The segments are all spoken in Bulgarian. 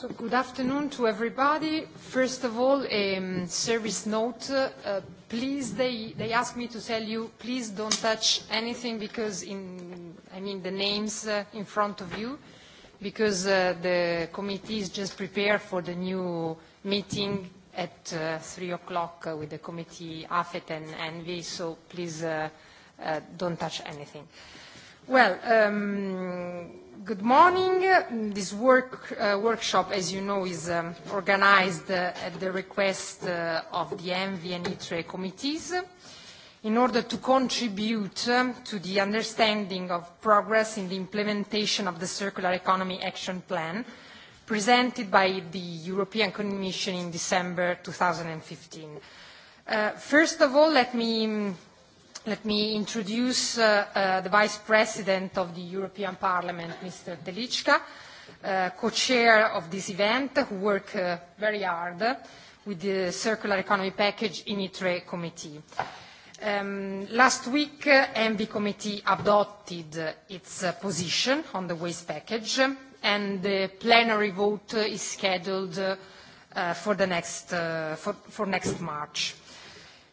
So good afternoon to everybody. First of all, a service note. please, they, they asked me to tell you, please don't touch anything because in, I mean the names in front of you, because the committee is just prepared for the new meeting at 3:00 P.M. o'clock with the committee AFET and ENVI, so please don't touch anything. Well, um, good morning. This work, uh, workshop, as you know, is um, organized uh, at the request uh, of the ENVI and ITRE committees in order to contribute um, to the understanding of progress in the implementation of the Circular Economy Action Plan presented by the European Commission in December 2015. Uh, first of all, let me Let me introduce uh, uh, the Vice President of the European Parliament, Mr. Telichka, uh, co-chair of this event, who work uh, very hard with the Circular Economy Package in ITRE Committee. Um, last week, uh, MV Committee adopted its uh, position on the waste package, and the plenary vote uh, is scheduled uh, for, the next, uh, for, for next March.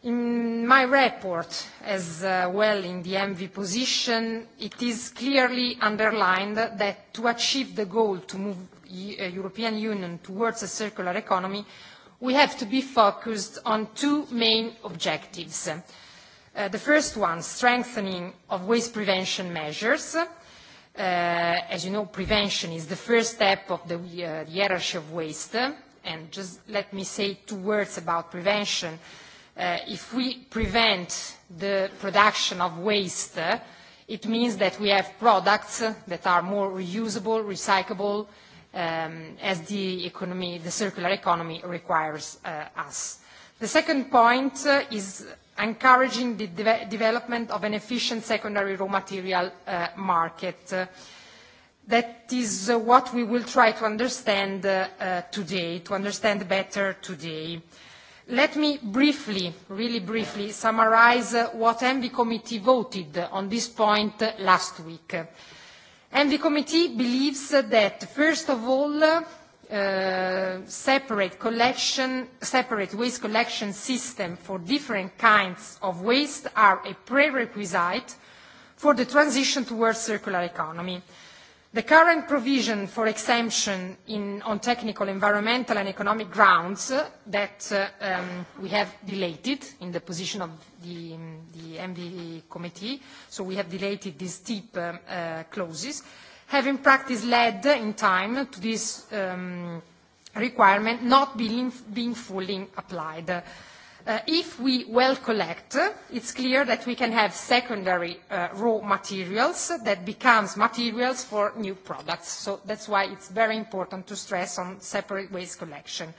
In my report, as well in the MV position, it is clearly underlined that to achieve the goal to move the European Union towards a circular economy, we have to be focused on two main objectives. the first one, strengthening of waste prevention measures. as you know, prevention is the first step of the hierarchy of waste. And just let me say two words about prevention. Uh, if we prevent the production of waste, it means that we have products that are more reusable, recyclable, as the economy, the circular economy requires us. The second point is encouraging the development of an efficient secondary raw material market. That is what we will try to understand today, to understand better today. Let me briefly, really briefly, summarize what ENVI Committee voted on this point last week. ENVI Committee believes that, first of all, separate collection, separate waste collection system for different kinds of waste are a prerequisite for the transition towards circular economy. The current provision for exemption in, on technical, environmental and economic grounds that we have deleted in the position of the, the MV committee, so we have deleted these steep clauses, have in practice led in time to this requirement not being, being fully applied if we well collect, it's clear that we can have secondary raw materials that becomes materials for new products. So that's why it's very important to stress on separate waste collection.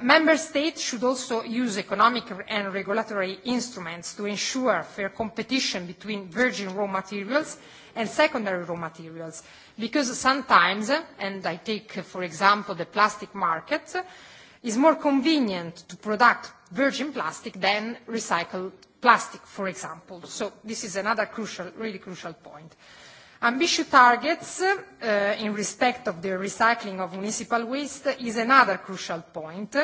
Member states should also use economic and regulatory instruments to ensure fair competition between virgin raw materials and secondary raw materials, because sometimes, and I take, for example, the plastic market, is more convenient to product virgin plastic than recycled plastic, for example. So this is another crucial, really crucial point. Ambitious targets uh, in respect of the recycling of municipal waste is another crucial point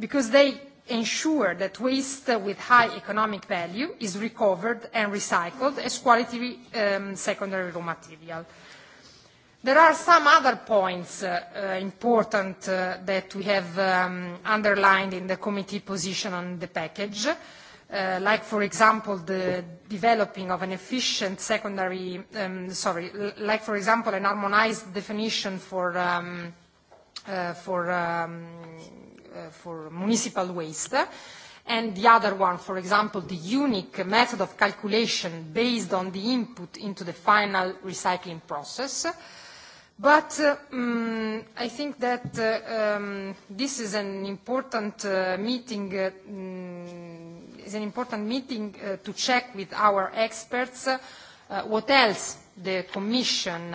because they ensure that waste with high economic value is recovered and recycled as quality um, secondary raw material. There are some other points uh, important uh, that we have um, underlined in the committee position on the package, uh, like, for example, the developing of an efficient secondary, um, sorry, like, for example, an harmonized definition for, um, uh, for, um, uh, for municipal waste, and the other one, for example, the unique method of calculation based on the input into the final recycling process, uh, But I think that this is an important meeting, is an important meeting to check with our experts what else the Commission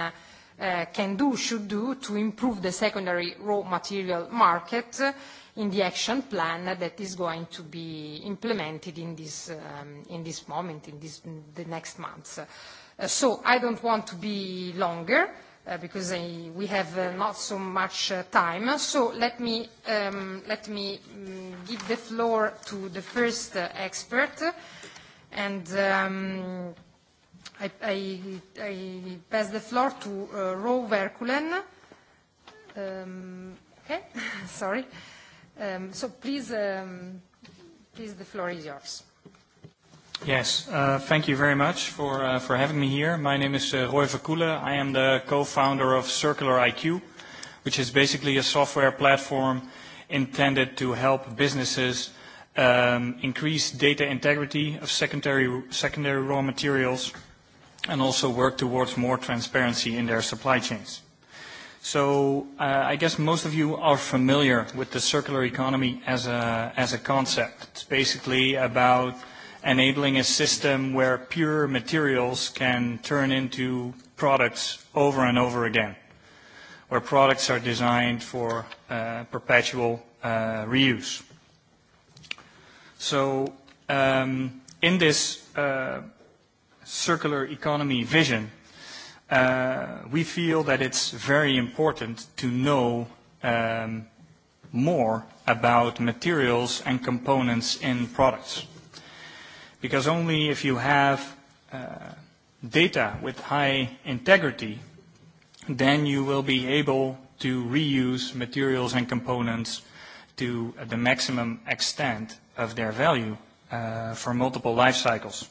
can do, should do to improve the secondary raw material market in the action plan that is going to be implemented in this, um, in this moment, in this, the next months. so I don't want to be longer because we have not so much time. So let me give the floor to the first expert, and I pass the floor to Ro Verkulen. Okay, sorry. So please, the floor is yours. Yes. Thank you very much for for having me here. My name is Roy Verkoelen. I am the co-founder of Circular IQ, which is basically a software platform intended to help businesses increase data integrity of secondary secondary raw materials and also work towards more transparency in their supply chains. So I guess most of you are familiar with the circular economy as a as a concept. It's basically about enabling a system where pure materials can turn into products over and over again, where products are designed for uh, perpetual uh, reuse. So um, in this uh, circular economy vision, uh, we feel that it's very important to know um, more about materials and components in products. Because only if you have uh, data with high integrity, then you will be able to reuse materials and components to the maximum extent of their value uh, for multiple life cycles.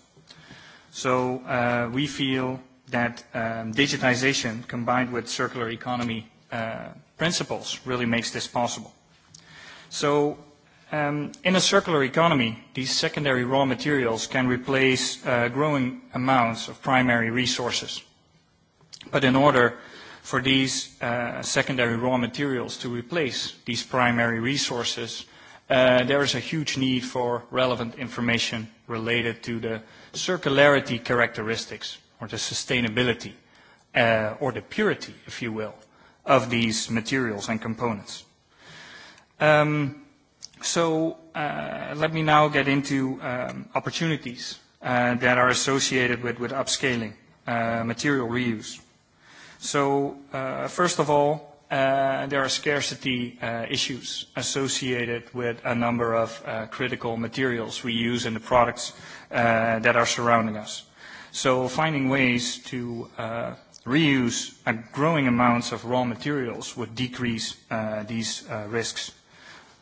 So uh, we feel that um, digitization combined with circular economy uh, principles really makes this possible. So Um, in a circular economy, these secondary raw materials can replace uh, growing amounts of primary resources. But in order for these uh, secondary raw materials to replace these primary resources, uh, there is a huge need for relevant information related to the circularity characteristics or the sustainability uh, or the purity, if you will, of these materials and components. Um, So uh, let me now get into um, opportunities uh, that are associated with, with upscaling uh, material reuse. So uh, first of all, uh, there are scarcity uh, issues associated with a number of uh, critical materials we use in the products uh, that are surrounding us. So finding ways to uh, reuse a growing amounts of raw materials would decrease uh, these uh, risks.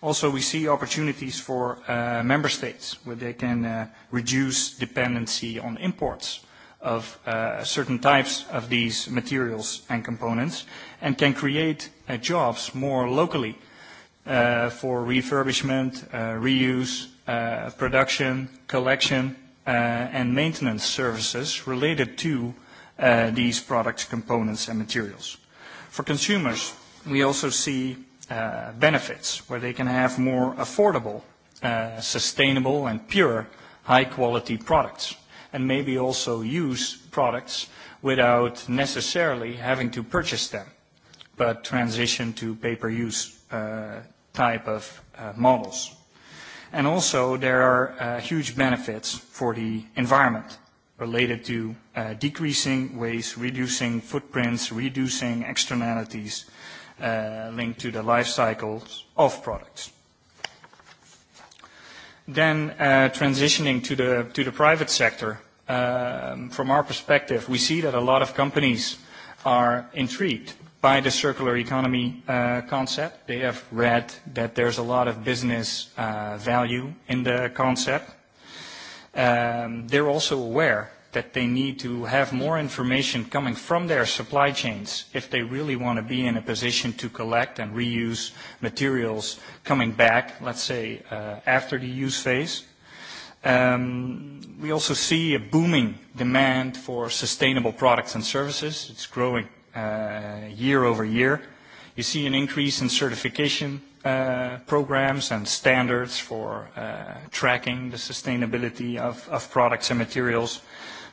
Also, we see opportunities for uh, member states where they can uh, reduce dependency on imports of uh, certain types of these materials and components and can create uh, jobs more locally uh, for refurbishment, uh, reuse, uh, production, collection, uh, and maintenance services related to uh, these products, components, and materials. For consumers, we also see uh, benefits, where they can have more affordable, uh, sustainable and pure high quality products and maybe also use products without necessarily having to purchase them, but transition to pay-per-use uh, type of uh, models. And also there are uh, huge benefits for the environment related to uh, decreasing waste, reducing footprints, reducing externalities, uh, uh, linked to the life cycles of products. Then uh, transitioning to the, to the private sector, um, from our perspective, we see that a lot of companies are intrigued by the circular economy uh, concept. They have read that there's a lot of business uh, value in the concept. Um, they're also aware that they need to have more information coming from their supply chains if they really want to be in a position to collect and reuse materials coming back, let's say, uh, after the use phase. Um, we also see a booming demand for sustainable products and services. It's growing uh, year over year. You see an increase in certification uh, programs and standards for uh, tracking the sustainability of, of products and materials. Uh,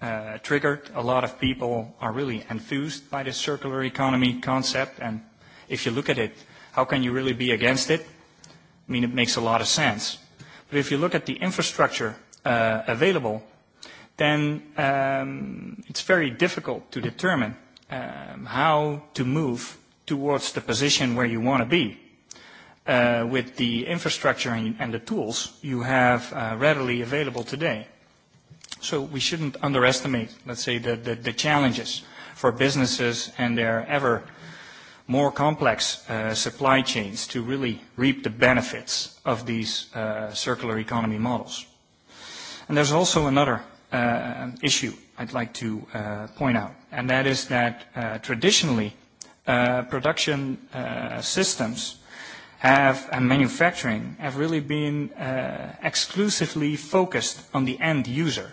uh, triggered. A lot of people are really enthused by the circular economy concept, and if you look at it, how can you really be against it? I mean, it makes a lot of sense. But if you look at the infrastructure uh, available, then um, it's very difficult to determine um, how to move towards the position where you want to be. Uh, with the infrastructure and, and the tools you have uh, readily available today. So we shouldn't underestimate, let's say, the, the, the challenges for businesses and their ever more complex uh, supply chains to really reap the benefits of these uh, circular economy models. And there's also another uh, issue I'd like to uh, point out, and that is that uh, traditionally uh, production uh, systems have and manufacturing have really been uh, exclusively focused on the end user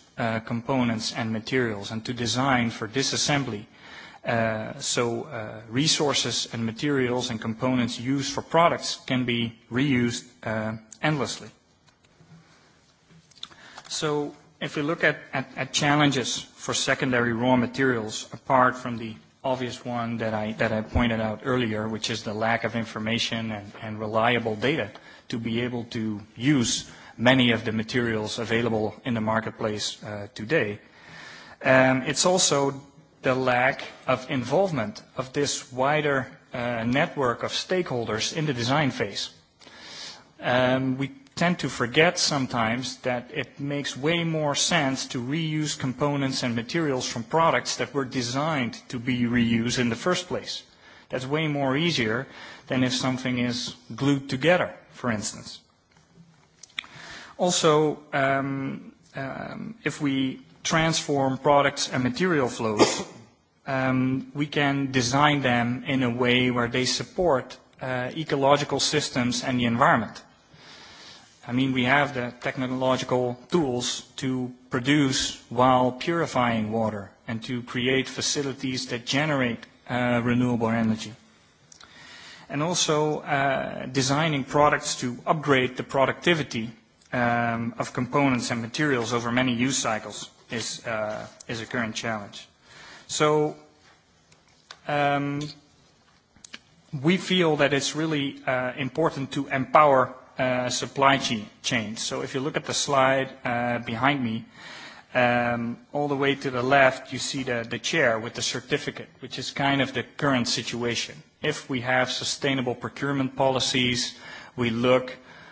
components and materials and to design for disassembly. Uh, so uh, resources and materials and components used for products can be reused uh, endlessly. So if we look at, at, at challenges for secondary raw materials, apart from the obvious one that I, that I pointed out earlier, which is the lack of information and, and reliable data to be able to use many of the materials available in the marketplace uh, today. Um, it's also the lack of involvement of this wider uh, network of stakeholders in the design phase. Um, we tend to forget sometimes that it makes way more sense to reuse components and materials from products that were designed to be reused in the first place. That's way more easier than if something is glued together, for instance. Also, if we transform products and material flows, we can design them in a way where they support ecological systems and the environment. I mean, we have the technological tools to produce while purifying water and to create facilities that generate renewable energy. And also designing products to upgrade the productivity um, of components and materials over many use cycles is, uh, is a current challenge. So um, we feel that it's really uh, important to empower uh, supply chains. So if you look at the slide uh, behind me, um, all the way to the left, you see the, the chair with the certificate, which is kind of the current situation. If we have sustainable procurement policies, we look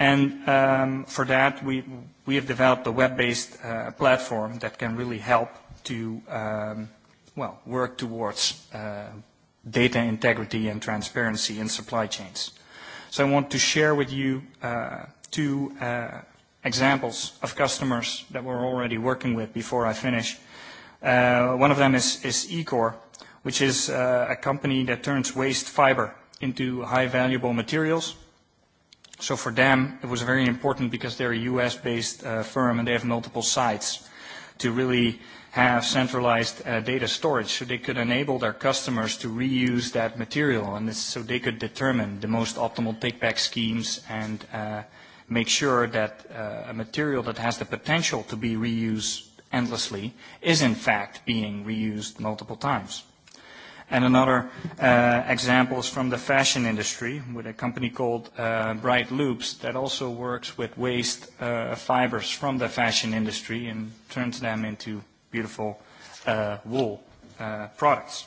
And um, for that, we, we have developed a web-based uh, platform that can really help to, um, well, work towards uh, data integrity and transparency in supply chains. So I want to share with you uh, two uh, examples of customers that we're already working with before I finish. Uh, one of them is, is Ecor, which is uh, a company that turns waste fiber into high valuable materials So for them, it was very important because they're a US-based uh, firm and they have multiple sites to really have centralized uh, data storage so they could enable their customers to reuse that material and this, so they could determine the most optimal take-back schemes and uh, make sure that uh, a material that has the potential to be reused endlessly is in fact being reused multiple times. And another uh, example is from the fashion industry with a company called uh, Bright Loops that also works with waste uh, fibers from the fashion industry and turns them into beautiful uh, wool uh, products.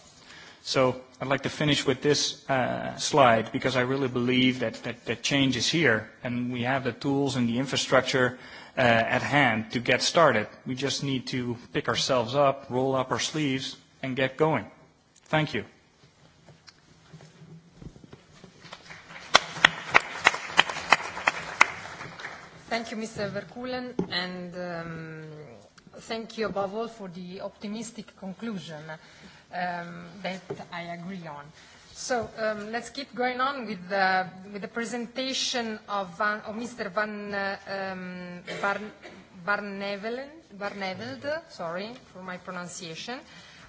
So I'd like to finish with this uh, slide because I really believe that, that, that change is here and we have the tools and the infrastructure uh, at hand to get started. We just need to pick ourselves up, roll up our sleeves, and get going. Thank you. Thank you, Mr. Verkulen, and um, thank you above all for the optimistic conclusion um, that I agree on. So um, let's keep going on with the, with the presentation of, Van, of Mr. Van uh, um, Barneveld, sorry for my pronunciation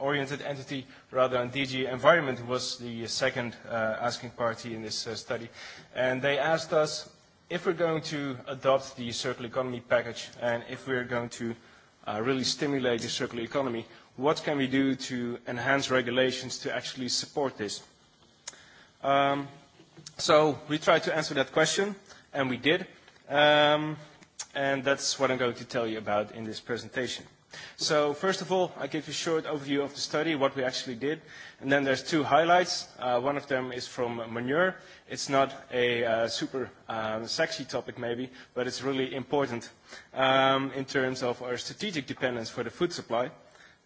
oriented entity rather than DG Environment, who was the second uh, asking party in this uh, study. And they asked us if we're going to adopt the circular economy package and if we're going to uh, really stimulate the circular economy, what can we do to enhance regulations to actually support this? Um, so we tried to answer that question, and we did. Um, and that's what I'm going to tell you about in this presentation. So first of all, I give you a short overview of the study, what we actually did, and then there's two highlights. Uh, one of them is from manure. It's not a uh, super um, sexy topic maybe, but it's really important um, in terms of our strategic dependence for the food supply.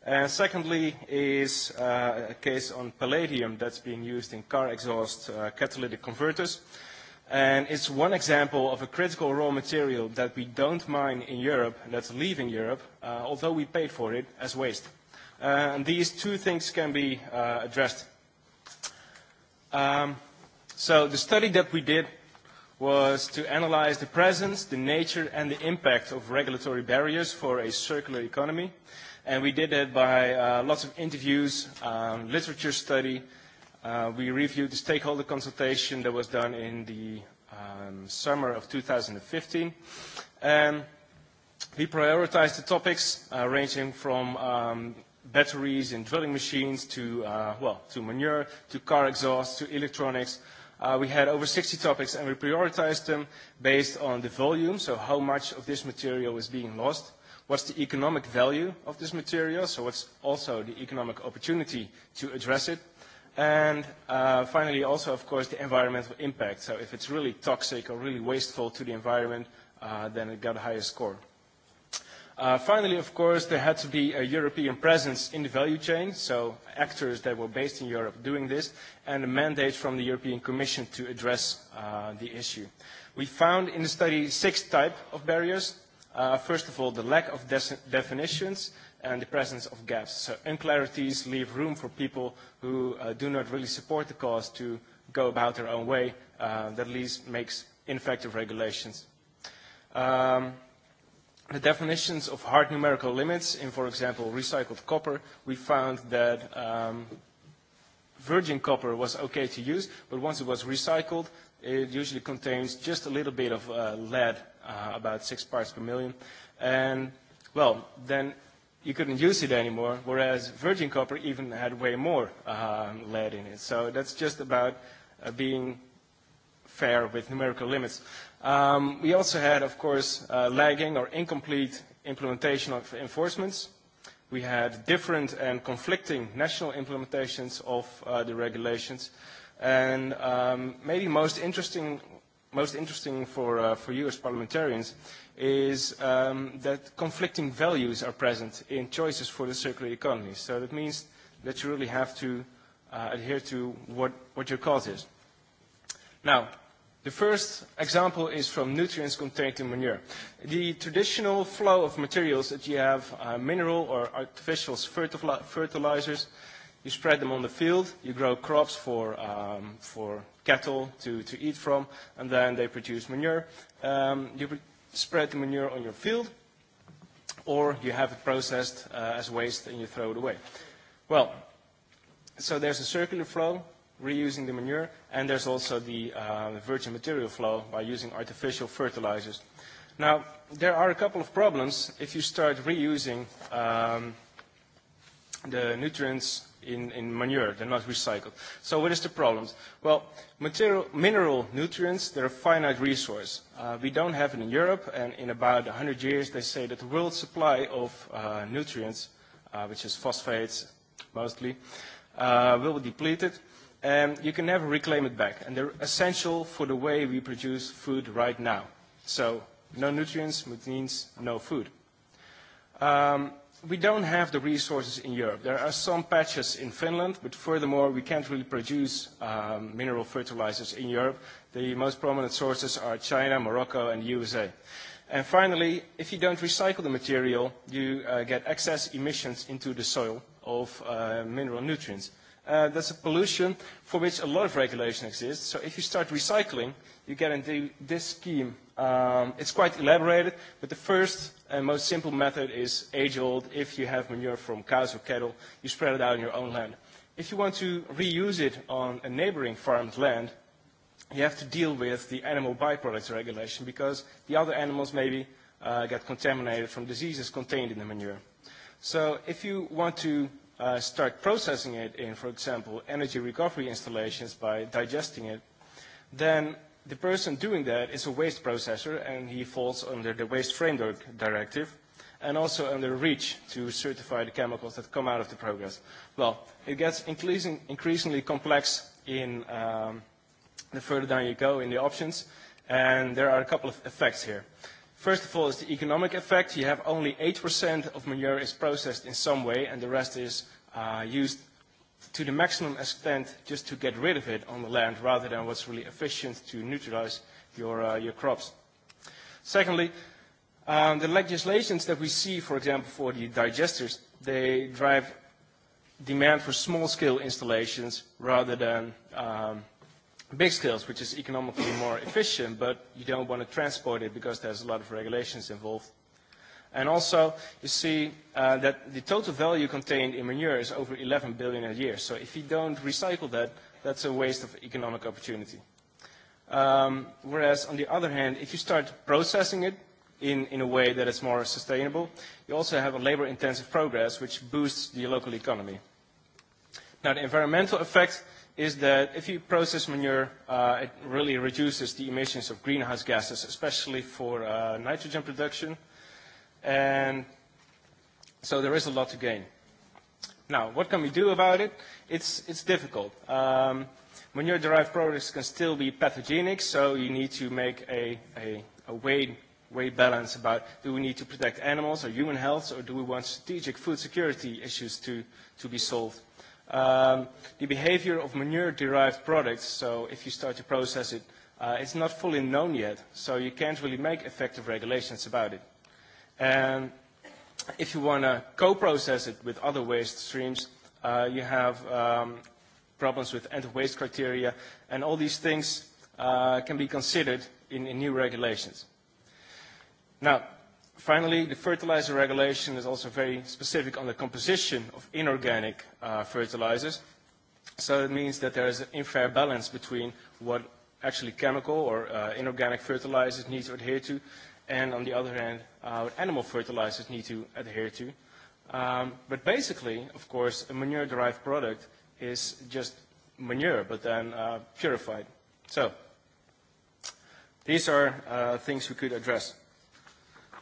And secondly is uh, a case on palladium that's being used in car exhaust uh, catalytic converters. Uh, And it's one example of a critical raw material that we don't mine in Europe, that's leaving Europe, uh, although we paid for it as waste. Uh, and these two things can be uh, addressed. Um, so the study that we did was to analyze the presence, the nature, and the impact of regulatory barriers for a circular economy. And we did that by uh, lots of interviews, um, literature study, Uh, we reviewed the stakeholder consultation that was done in the um, summer of 2015. Um, we prioritized the topics uh, ranging from um, batteries in drilling machines to, uh, well, to manure, to car exhaust, to electronics. Uh, we had over 60 topics and we prioritized them based on the volume, so how much of this material is being lost, what's the economic value of this material, so what's also the economic opportunity to address it, And uh, finally, also, of course, the environmental impact. So if it's really toxic or really wasteful to the environment, uh, then it got a higher score. Uh, finally, of course, there had to be a European presence in the value chain, so actors that were based in Europe doing this, and a mandate from the European Commission to address uh, the issue. We found in the study six types of barriers. Uh, first of all, the lack of definitions and the presence of gaps. So unclarities leave room for people who uh, do not really support the cause to go about their own way. Uh, that at least makes ineffective regulations. Um, the definitions of hard numerical limits in, for example, recycled copper, we found that um, virgin copper was okay to use, but once it was recycled, it usually contains just a little bit of uh, lead, uh, about six parts per million. And, well, then you couldn't use it anymore, whereas virgin copper even had way more uh, lead in it. So that's just about uh, being fair with numerical limits. Um, we also had, of course, uh, lagging or incomplete implementation of enforcements. We had different and conflicting national implementations of uh, the regulations. And um, maybe most interesting, most interesting for, uh, for you as parliamentarians is um, that conflicting values are present in choices for the circular economy. So that means that you really have to uh, adhere to what, what your cause is. Now, the first example is from nutrients contained in manure. The traditional flow of materials that you have uh, mineral or artificial fertilizers, you spread them on the field, you grow crops for, um, for cattle to, to eat from, and then they produce manure. Um, you spread the manure on your field, or you have it processed uh, as waste and you throw it away. Well, so there's a circular flow, reusing the manure, and there's also the uh, virgin material flow by using artificial fertilizers. Now, there are a couple of problems if you start reusing um, the nutrients in, in manure. They're not recycled. So what is the problem? Well, material, mineral nutrients, they're a finite resource. Uh, we don't have it in Europe, and in about 100 years, they say that the world supply of uh, nutrients, uh, which is phosphates mostly, uh, will be depleted, and you can never reclaim it back. And they're essential for the way we produce food right now. So no nutrients means no food. Um, we don't have the resources in Europe. There are some patches in Finland, but furthermore, we can't really produce um, mineral fertilizers in Europe. The most prominent sources are China, Morocco, and the USA. And finally, if you don't recycle the material, you uh, get excess emissions into the soil of uh, mineral nutrients uh, that's a pollution for which a lot of regulation exists. So if you start recycling, you get into this scheme. Um, it's quite elaborated, but the first and most simple method is age-old. If you have manure from cows or cattle, you spread it out on your own land. If you want to reuse it on a neighboring farmed land, you have to deal with the animal byproducts regulation because the other animals maybe uh, get contaminated from diseases contained in the manure. So if you want to uh, start processing it in, for example, energy recovery installations by digesting it, then the person doing that is a waste processor and he falls under the Waste Framework Directive and also under REACH to certify the chemicals that come out of the progress. Well, it gets increasing, increasingly complex in um, the further down you go in the options, and there are a couple of effects here. First of all is the economic effect. You have only 8% of manure is processed in some way, and the rest is uh, used to the maximum extent just to get rid of it on the land rather than what's really efficient to neutralize your, uh, your crops. Secondly, um, the legislations that we see, for example, for the digesters, they drive demand for small-scale installations rather than um, big scales, which is economically more efficient, but you don't want to transport it because there's a lot of regulations involved. And also, you see uh, that the total value contained in manure is over 11 billion a year. So if you don't recycle that, that's a waste of economic opportunity. Um, whereas, on the other hand, if you start processing it in, in a way that is more sustainable, you also have a labor-intensive progress, which boosts the local economy. Now, the environmental effect is that if you process manure, uh, it really reduces the emissions of greenhouse gases, especially for uh, nitrogen production. And so there is a lot to gain. Now, what can we do about it? It's, it's difficult. Um, manure-derived products can still be pathogenic, so you need to make a, a, a way, weight balance about do we need to protect animals or human health, or do we want strategic food security issues to, to be solved? Um, the behavior of manure-derived products, so if you start to process it, uh, it's not fully known yet, so you can't really make effective regulations about it. And if you want to co-process it with other waste streams, uh, you have um, problems with end-of-waste criteria, and all these things uh, can be considered in, in new regulations. Now, Finally, the fertilizer regulation is also very specific on the composition of inorganic uh, fertilizers. So it means that there is an unfair balance between what actually chemical or uh, inorganic fertilizers need to adhere to, and on the other hand, uh, what animal fertilizers need to adhere to. Um, but basically, of course, a manure-derived product is just manure, but then uh, purified. So these are uh, things we could address.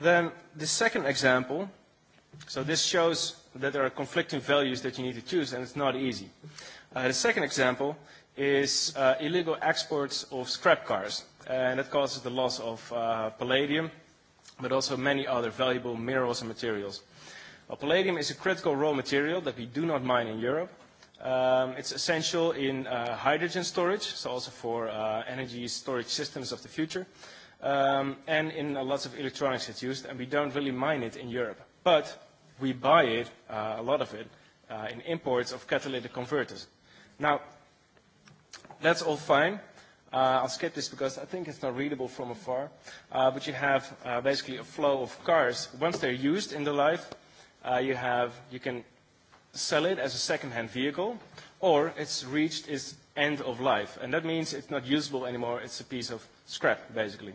Then the second example, so this shows that there are conflicting values that you need to choose, and it's not easy. Uh, the second example is uh, illegal exports of scrap cars, and that causes the loss of uh, palladium, but also many other valuable minerals and materials. Well, palladium is a critical raw material that we do not mine in Europe. Um, it's essential in uh, hydrogen storage, so also for uh, energy storage systems of the future um, and in uh, lots of electronics it's used, and we don't really mine it in Europe. But we buy it, uh, a lot of it, uh, in imports of catalytic converters. Now, that's all fine. Uh, I'll skip this because I think it's not readable from afar. Uh, but you have uh, basically a flow of cars. Once they're used in the life, uh, you, have, you can sell it as a second-hand vehicle, or it's reached its end of life. And that means it's not usable anymore. It's a piece of scrap, basically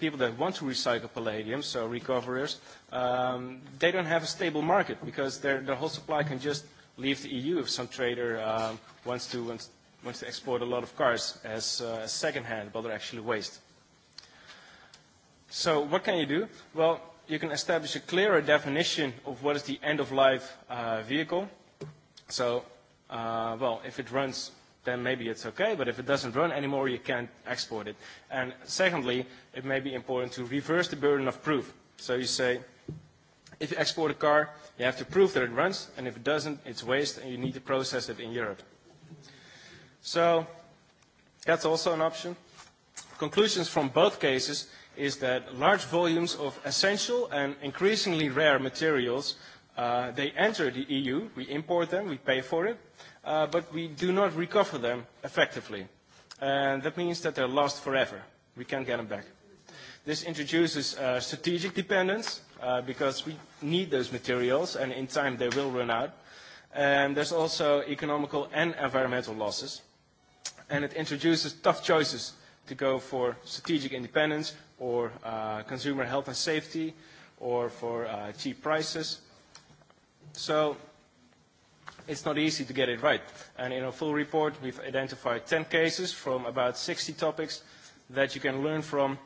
people that want to recycle palladium, so recoverers, um, they don't have a stable market because their, their whole supply can just leave the EU if some trader um, wants, to, wants, wants to export a lot of cars as uh, secondhand, but they're actually waste. So what can you do? Well, you can establish a clearer definition of what is the end-of-life uh, vehicle. So, uh, well, if it runs then maybe it's okay, but if it doesn't run anymore, you can't export it. And secondly, it may be important to reverse the burden of proof. So you say, if you export a car, you have to prove that it runs, and if it doesn't, it's waste, and you need to process it in Europe. So that's also an option. Conclusions from both cases is that large volumes of essential and increasingly rare materials Uh, they enter the EU, we import them, we pay for it, uh, but we do not recover them effectively. And that means that they're lost forever. We can't get them back. This introduces uh, strategic dependence uh, because we need those materials and in time they will run out. And there's also economical and environmental losses. And it introduces tough choices to go for strategic independence or uh, consumer health and safety or for uh, cheap prices So it's not easy to get it right. And in our full report, we've identified 10 cases from about 60 topics that you can learn from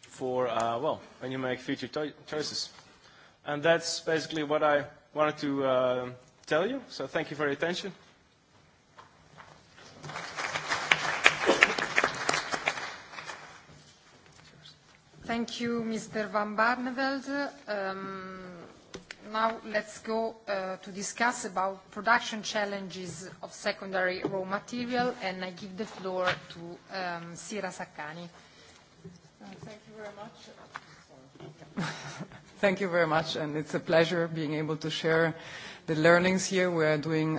for, uh, well, when you make future choices. And that's basically what I wanted to uh, tell you. So thank you for your attention. Thank you, Mr. Van Barneveld. Um, Now let's go to discuss about production challenges of secondary raw material, and I give the floor to Sira Saccani. Thank you very much. Thank you very much, and it's a pleasure being able to share the learnings here we are doing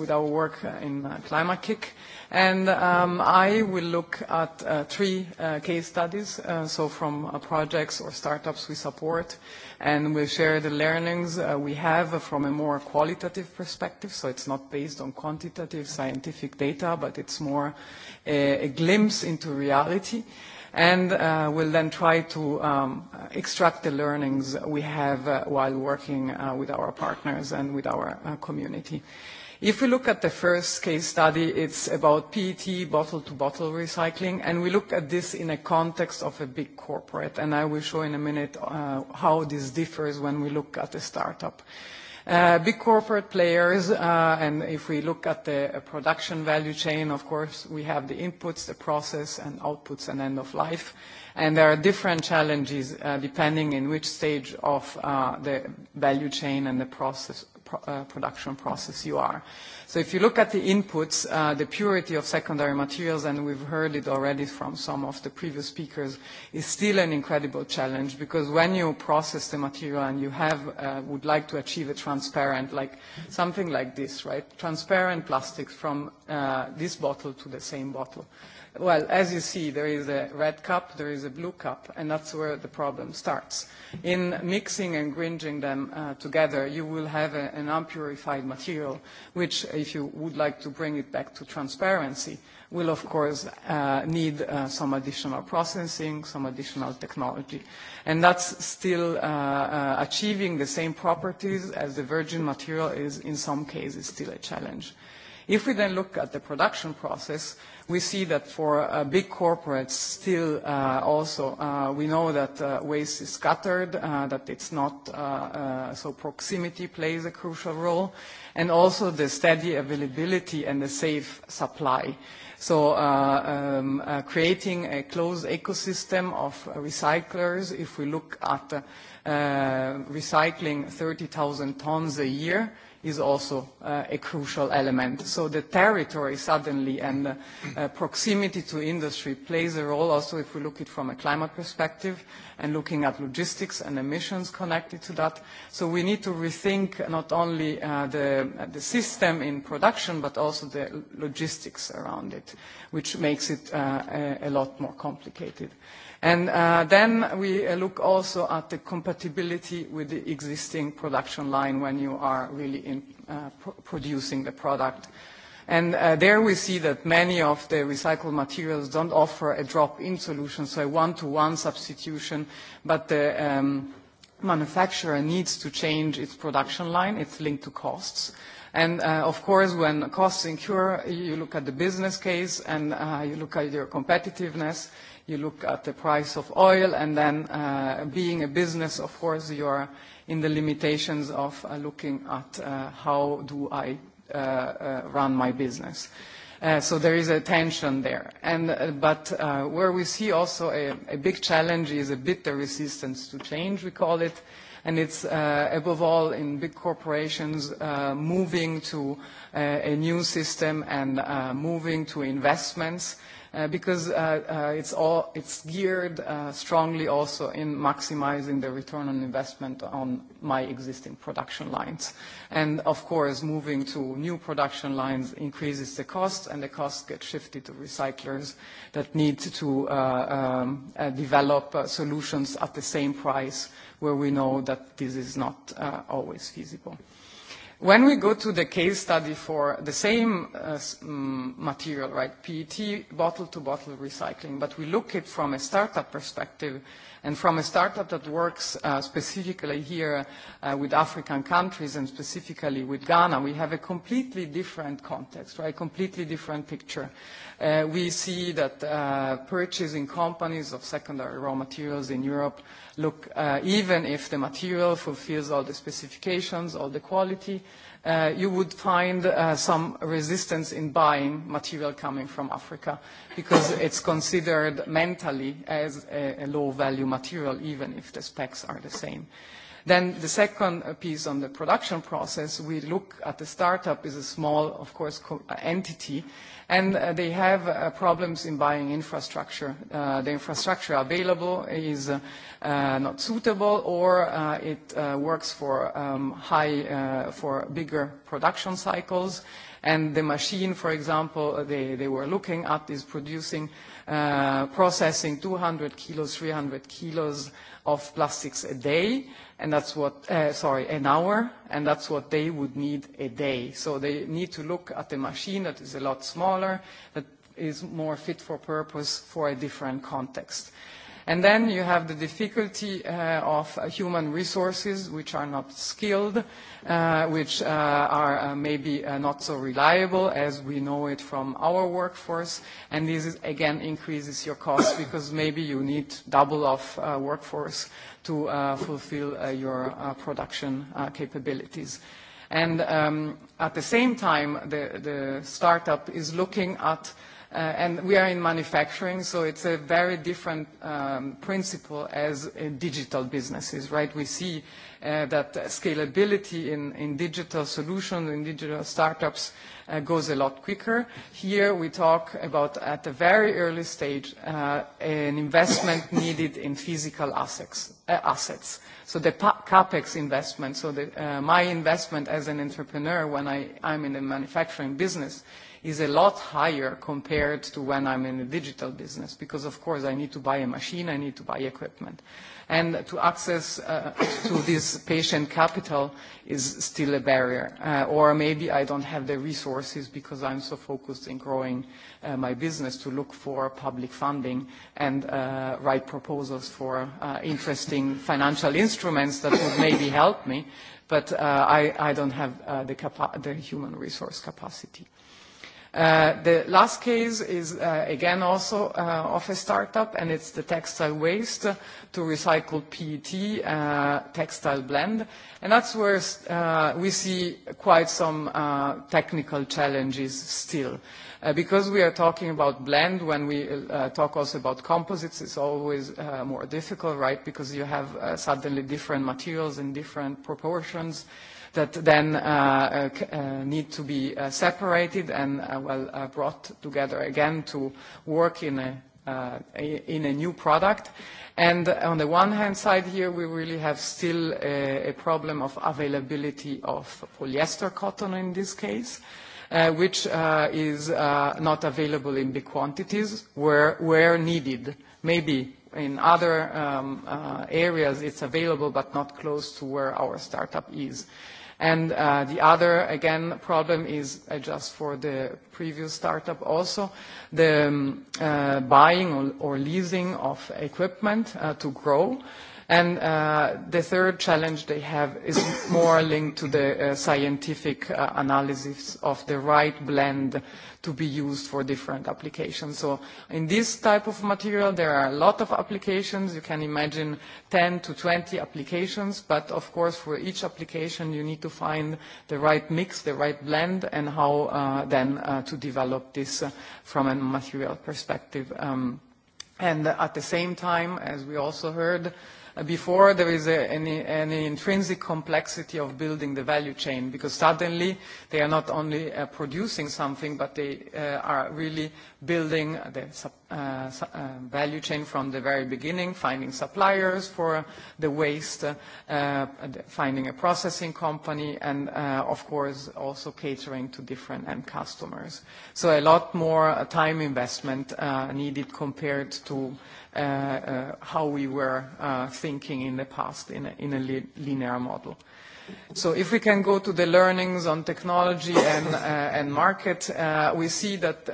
with our work in Climate Kick. And um, I will look at uh, three uh, case studies, uh, so from uh, projects or startups we support, and we'll share the learnings uh, we have from a more qualitative perspective, so it's not based on quantitative scientific data, but it's more a, a glimpse into reality and uh, we'll then try to um, extract the learnings we have uh, while working uh, with our partners and with our uh, community. Uh, If we look at the first case study, it's about PET bottle-to-bottle recycling, and we look at this in a context of a big corporate, and I will show in a minute how this differs when we look at a startup. big corporate players, and if we look at the production value chain, of course, we have the inputs, the process, and outputs, and end of life. And there are different challenges depending in which stage of the value chain and the process uh, production process you are. So if you look at the inputs, uh, the purity of secondary materials, and we've heard it already from some of the previous speakers, is still an incredible challenge because when you process the material and you have, uh, would like to achieve a transparent, like something like this, right? Transparent plastics from uh, this bottle to the same bottle Well, as you see, there is a red cup, there is a blue cup, and that's where the problem starts. In mixing and gringing them uh, together, you will have a, an unpurified material, which, if you would like to bring it back to transparency, will of course uh, need uh, some additional processing, some additional technology. And that's still uh, uh, achieving the same properties as the virgin material is in some cases still a challenge. If we then look at the production process, we see that for uh, big corporates still uh, also, uh, we know that uh, waste is scattered, uh, that it's not, uh, uh, so proximity plays a crucial role, and also the steady availability and the safe supply. So uh, um, uh, creating a closed ecosystem of recyclers, if we look at uh, recycling 30,000 tons a year, is also uh, a crucial element. So the territory suddenly and uh, proximity to industry plays a role also if we look it from a climate perspective and looking at logistics and emissions connected to that. So we need to rethink not only uh, the, the system in production but also the logistics around it, which makes it uh, a, a lot more complicated. Uh, And Then we look also at the compatibility with the existing production line when you are really in producing the product. And There we see that many of the recycled materials don't offer a drop-in solution, so a one-to-one substitution, but the manufacturer needs to change its production line. It's linked to costs. And Of course, when costs incur, you look at the business case and you look at your competitiveness, you look at the price of oil, and then uh, being a business, of course, you are in the limitations of uh, looking at uh, how do I uh, uh, run my business. Uh, so there is a tension there. And, uh, but uh, where we see also a, a big challenge is a bit the resistance to change, we call it, and it's uh, above all in big corporations uh, moving to uh, a new system and uh, moving to investments because uh, it's, all, it's geared uh, strongly also in maximizing the return on investment on my existing production lines. And of course, moving to new production lines increases the cost, and the costs get shifted to recyclers that need to uh, develop uh, solutions at the same price where we know that this is not uh, always feasible. When we go to the case study for the same uh, material, right, PET, bottle-to-bottle recycling, but we look it from a startup perspective and from a startup that works uh, specifically here uh, with African countries and specifically with Ghana, we have a completely different context, right, completely different picture. Uh, we see that uh, purchasing companies of secondary raw materials in Europe uh, look, uh, even if the material fulfills all the specifications, all the quality, uh, you would find uh, some resistance in buying material coming from Africa because it's considered mentally as a, a low-value material, even if the specs are the same. Then the second piece on the production process, we look at the startup is a small, of course, entity, And they have problems in buying infrastructure. The infrastructure available is not suitable, or it works for high for bigger production cycles. And the machine, for example, they they were looking at is producing, processing 200 kilos, 300 kilos of plastics a day and that's what, uh, sorry, an hour, and that's what they would need a day. So they need to look at a machine that is a lot smaller, that is more fit for purpose for a different context. And then you have the difficulty uh, of human resources, which are not skilled, uh, which uh, are uh, maybe uh, not so reliable as we know it from our workforce. And this, is, again, increases your cost because maybe you need double of uh, workforce to uh, fulfill uh, your uh, production uh, capabilities. And um, at the same time, the, the startup is looking at and we are in manufacturing, so it's a very different um, principle as in digital businesses, right? We see uh, that scalability in, in digital solutions, in digital startups, uh, goes a lot quicker. Here we talk about, at a very early stage, uh, an investment needed in physical assets. Uh, assets. So the CapEx investment, so the, uh, my investment as an entrepreneur when I, I'm in the manufacturing business, uh, is a lot higher compared to when I'm in a digital business because, of course, I need to buy a machine, I need to buy equipment. And to access uh, to this patient capital is still a barrier. Uh, or maybe I don't have the resources because I'm so focused in growing uh, my business to look for public funding and uh, write proposals for uh, interesting financial instruments that would maybe help me, but uh, I, I don't have uh, the, capa- the human resource capacity. The last case is, again, also of a startup, and it's the textile waste to recycle PET textile blend. and That's where we see quite some technical challenges still. Because we are talking about blend, when we talk also about composites, it's always more difficult, right? Because you have suddenly different materials in different proportions, that then uh, uh, need to be uh, separated and uh, well uh, brought together again to work in a uh, in a new product. And on the one hand side here, we really have still a, a problem of availability of polyester cotton in this case, uh, which uh, is uh, not available in big quantities where, where needed. Maybe in other um, uh, areas it's available, but not close to where our startup is. Uh, And uh, the other, again, problem is uh, just for the previous startup also, the um, uh, buying or, or leasing of equipment uh, to grow. Uh, And the third challenge they have is more linked to the scientific analysis of the right blend to be used for different applications. So in this type of material, there are a lot of applications. You can imagine 10 to 20 applications, but of course for each application you need to find the right mix, the right blend, and how then to develop this from a material perspective. and at the same time, as we also heard, before there is a, any, any intrinsic complexity of building the value chain because suddenly they are not only uh, producing something but they uh, are really building the uh, uh, value chain from the very beginning, finding suppliers for the waste, uh, finding a processing company and uh, of course also catering to different end customers. So a lot more time investment uh, needed compared to how we were thinking in the past in a linear model. So if we can go to the learnings on technology and and market, we see that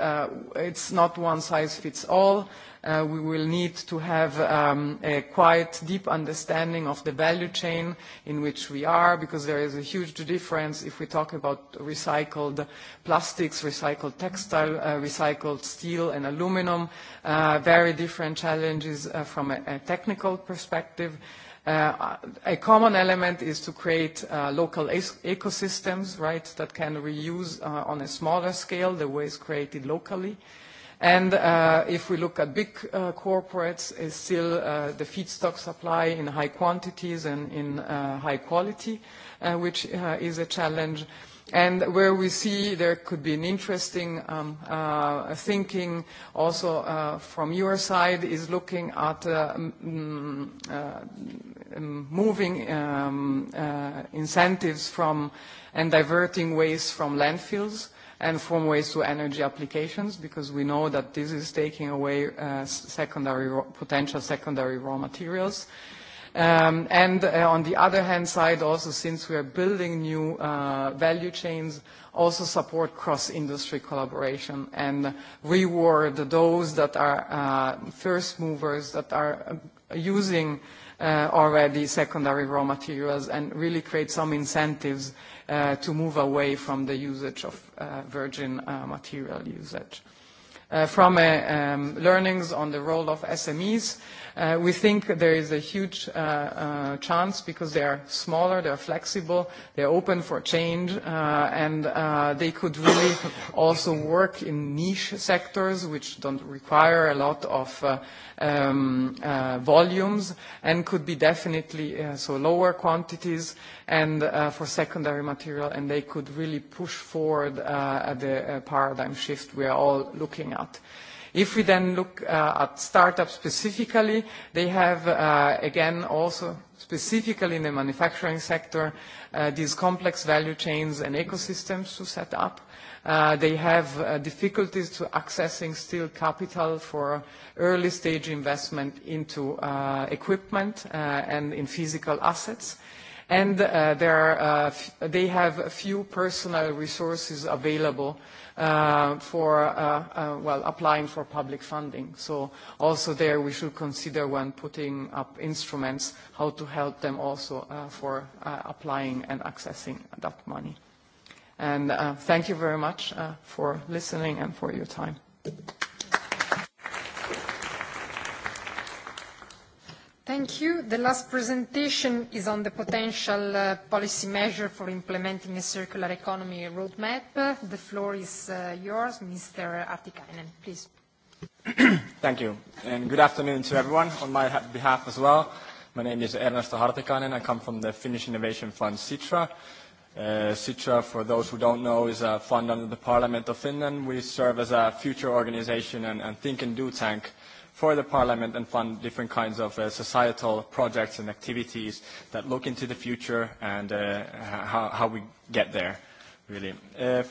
it's not one size fits all uh, we will need to have um, a quite deep understanding of the value chain in which we are because there is a huge difference if we talk about recycled plastics, recycled textile, uh, recycled steel and aluminum, uh, very different challenges uh, from a, a technical perspective. Uh, a common element is to create uh, local ecosystems, right, that can reuse uh, on a smaller scale the waste created locally. Uh, And If we look at big corporates, it's still the feedstock supply in high quantities and in high quality, which is a challenge. And Where we see there could be an interesting thinking also from your side is looking at moving incentives from and diverting waste from landfills and from waste to energy applications, because we know that this is taking away uh, secondary, potential secondary raw materials. Um, and uh, on the other hand side, also since we are building new uh, value chains, also support cross-industry collaboration and reward those that are uh, first movers that are using already secondary raw materials and really create some incentives to move away from the usage of virgin material usage. From learnings on the role of SMEs, Uh, we think there is a huge uh, uh, chance because they are smaller, they are flexible, they are open for change, uh, and uh, they could really also work in niche sectors which don't require a lot of uh, um, uh, volumes and could be definitely uh, so lower quantities and uh, for secondary material, and they could really push forward uh, the uh, paradigm shift we are all looking at. Uh, If we then look uh, at startups specifically, they have, uh, again, also specifically in the manufacturing sector, uh, these complex value chains and ecosystems to set up. Uh, they have uh, difficulties to accessing still capital for early stage investment into uh, equipment uh, and in physical assets and uh, there are, uh, they have few personal resources available for well applying for public funding. So also there we should consider when putting up instruments how to help them also for applying and accessing that money. And thank you very much for listening and for your time. Thank you. The last presentation is on the potential policy measure for implementing a circular economy roadmap. The floor is yours, Mr. Artikainen, please. Thank you, and good afternoon to everyone on my behalf as well. My name is Ernesto Hartikainen. I come from the Finnish Innovation Fund, Sitra. Sitra, for those who don't know, is a fund under the Parliament of Finland. We serve as a future organization and think and do tank for the Parliament and fund different kinds of uh, societal projects and activities that look into the future and uh, how, how we get there, really. Uh,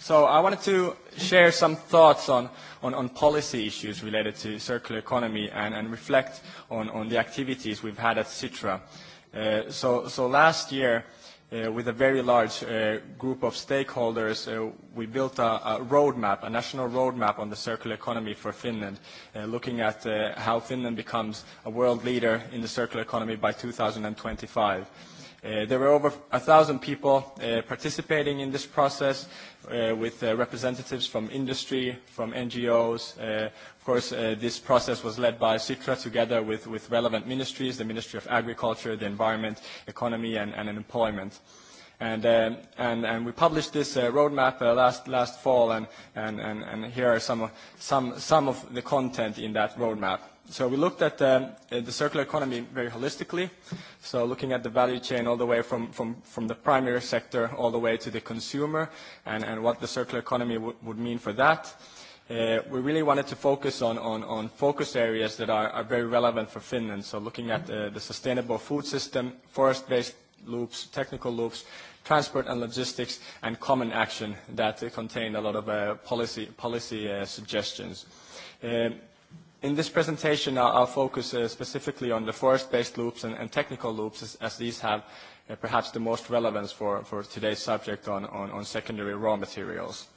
so I wanted to share some thoughts on, on, on policy issues related to circular economy and, and reflect on, on the activities we've had at Citra. Uh, so, so last year, uh, with a very large uh, group of stakeholders, uh, we built a, a roadmap, a national roadmap on the circular economy for Finland, uh, looking at uh, how Finland becomes a world leader in the circular economy by 2025. Uh, there were over a thousand people uh, participating in this process uh, with uh, representatives from industry, from NGOs. Uh, of course, uh, this process was led by CITRA together with, with relevant ministries, the Ministry of Agriculture, the Environment, Economy and, and Employment. And, um, and, and we published this uh, roadmap uh, last, last fall, and, and, and, and here are some of, some, some of the content in that roadmap. So we looked at um the circular economy very holistically, so looking at the value chain all the way from, from, from the primary sector all the way to the consumer and, and what the circular economy w would mean for that. Uh, we really wanted to focus on, on, on focus areas that are, are very relevant for Finland, so looking at uh, the sustainable food system, forest-based loops, technical loops, transport and logistics, and common action that uh, contained a lot of uh, policy, policy uh, suggestions. Uh, In this presentation, I'll, focus uh, specifically on the forest-based loops and, and technical loops, as, as these have uh, perhaps the most relevance for, for today's subject on, on, on secondary raw materials.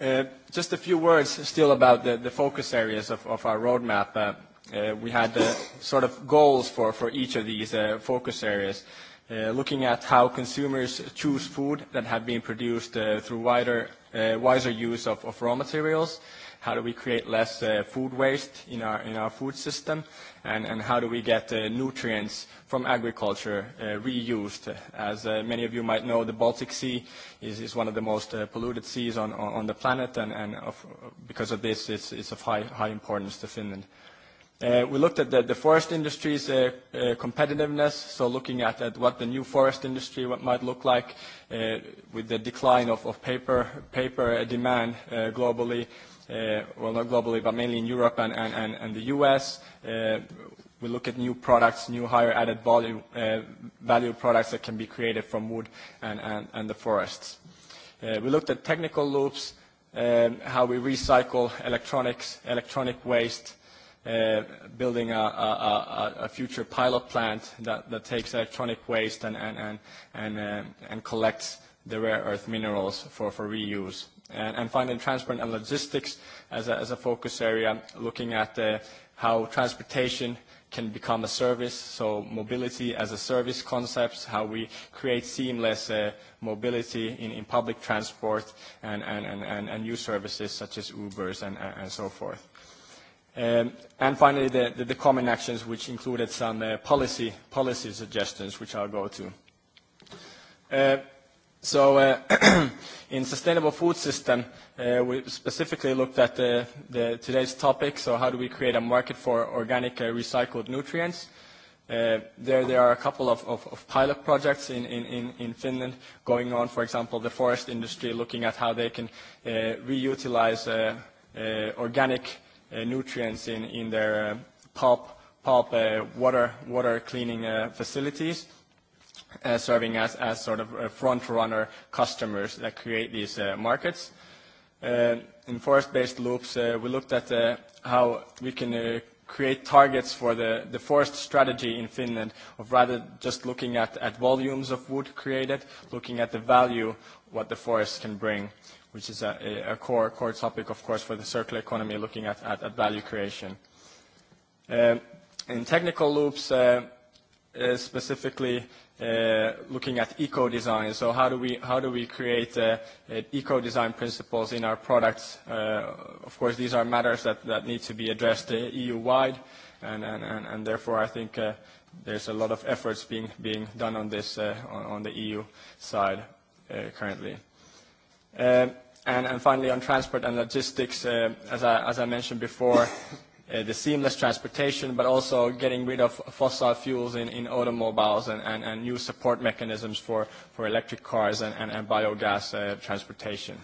Uh, just a few words still about the, the focus areas of, of our roadmap. Uh, uh, we had uh, sort of goals for, for each of these uh, focus areas, uh, looking at how consumers choose food that have been produced uh, through wider, uh, wiser use of, of raw materials, uh, how do we create less uh, food waste in our, in our food system, and, and how do we get uh, nutrients from agriculture uh, reused. As uh, many of you might know, the Baltic Sea is, is one of the most uh, polluted seas on, on the planet, and, and of, because of this, it's, it's of high, high importance to Finland. Uh, we looked at the, the forest industry's uh, uh, competitiveness, so looking at, at what the new forest industry might look like uh, with the decline of, of paper, paper demand uh, globally, uh, uh, well, not globally, but mainly in Europe and, and, and, and the US. Uh, we look at new products, new higher added value, uh, value products that can be created from wood and, and, and the forests. Uh, we looked at technical loops, um, how we recycle electronics, electronic waste, uh, building a, a, a, a future pilot plant that, that takes electronic waste and, and, and, and, uh, and collects the rare earth minerals for, for reuse And, and finally, transport and logistics as a, as a focus area, looking at uh, how transportation can become a service, so mobility as a service concepts, how we create seamless uh, mobility in, in public transport and, and, and, and, and new services such as Ubers and, and so forth. Um, and finally, the, the, the common actions, which included some uh, policy, policy suggestions, which I'll go to. Uh, So uh, in sustainable food system, uh, we specifically looked at the, the, today's topic, so how do we create a market for organic uh, recycled nutrients. Uh, there, there are a couple of, of, of pilot projects in, in, in Finland going on, for example, the forest industry looking at how they can uh, reutilize uh, uh, organic uh, nutrients in, in their uh, pulp, pulp uh, water, water cleaning uh, facilities uh, serving as, as sort of uh, front-runner customers that create these uh, markets. Uh, in forest-based loops, uh, we looked at uh, how we can uh, create targets for the, the forest strategy in Finland of rather just looking at, at volumes of wood created, looking at the value what the forest can bring, which is a, a core, core topic, of course, for the circular economy, looking at, at, at value creation. Uh, in technical loops, uh, uh, specifically uh, looking at eco-design. So how do we, how do we create uh, uh, eco-design principles in our products? Uh, of course, these are matters that, that need to be addressed uh, EU-wide, and, and, and, and therefore I think uh, there's a lot of efforts being, being done on this uh, on, on the EU side uh, currently. Uh, and, and finally, on transport and logistics, uh, as, I, as I mentioned before, the seamless transportation, but also getting rid of fossil fuels in, in automobiles and, and, and new support mechanisms for, for electric cars and, and, and biogas uh, transportation.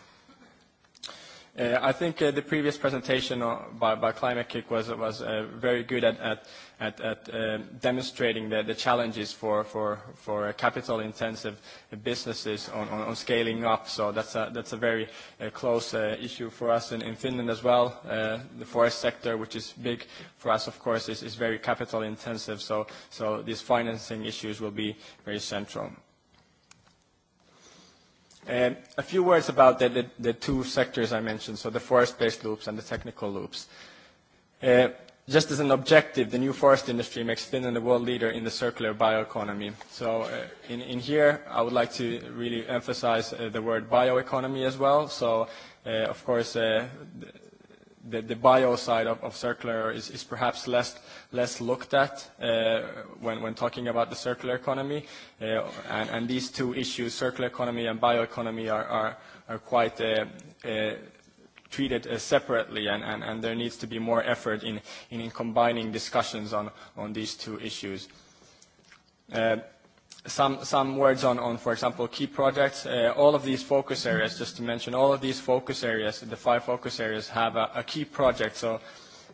Uh, I think uh, the previous presentation by, by Climate Kick was, was uh, very good at, at, at, at uh, demonstrating the, the challenges for, for, for capital-intensive businesses on, on, on scaling up. So that's a, that's a very uh, close uh, issue for us in, in Finland as well. Uh, the forest sector, which is big for us, of course, is, is very capital-intensive. So, so these financing issues will be very central. A few words about the two sectors I mentioned, so the forest-based loops and the technical loops. Just as an objective, the new forest industry makes Finland a world leader in the circular bioeconomy. So in here, I would like to really emphasize the word bioeconomy as well. So of course, the bio side of circular is perhaps less less looked at uh, when, when talking about the circular economy. Uh, and, and these two issues, circular economy and bioeconomy, are, are, are quite uh, uh, treated uh, separately, and, and, and there needs to be more effort in, in, in combining discussions on, on these two issues. Uh, some, some words on, on, for example, key projects. Uh, all of these focus areas, just to mention, all of these focus areas, the five focus areas, have a, a key project. So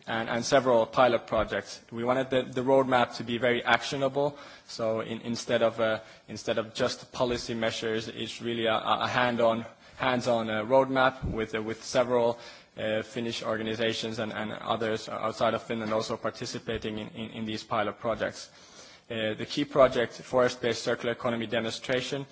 and, and several pilot projects. We wanted the, the roadmap to be very actionable, so in, instead, of, uh, instead of just policy measures, it's really a, a hand-on, hands-on uh, roadmap with, uh, with several uh, Finnish organizations and, and others outside of Finland also participating in, in, in these pilot projects. Uh, the key project, Forest-Based Circular Economy Demonstration,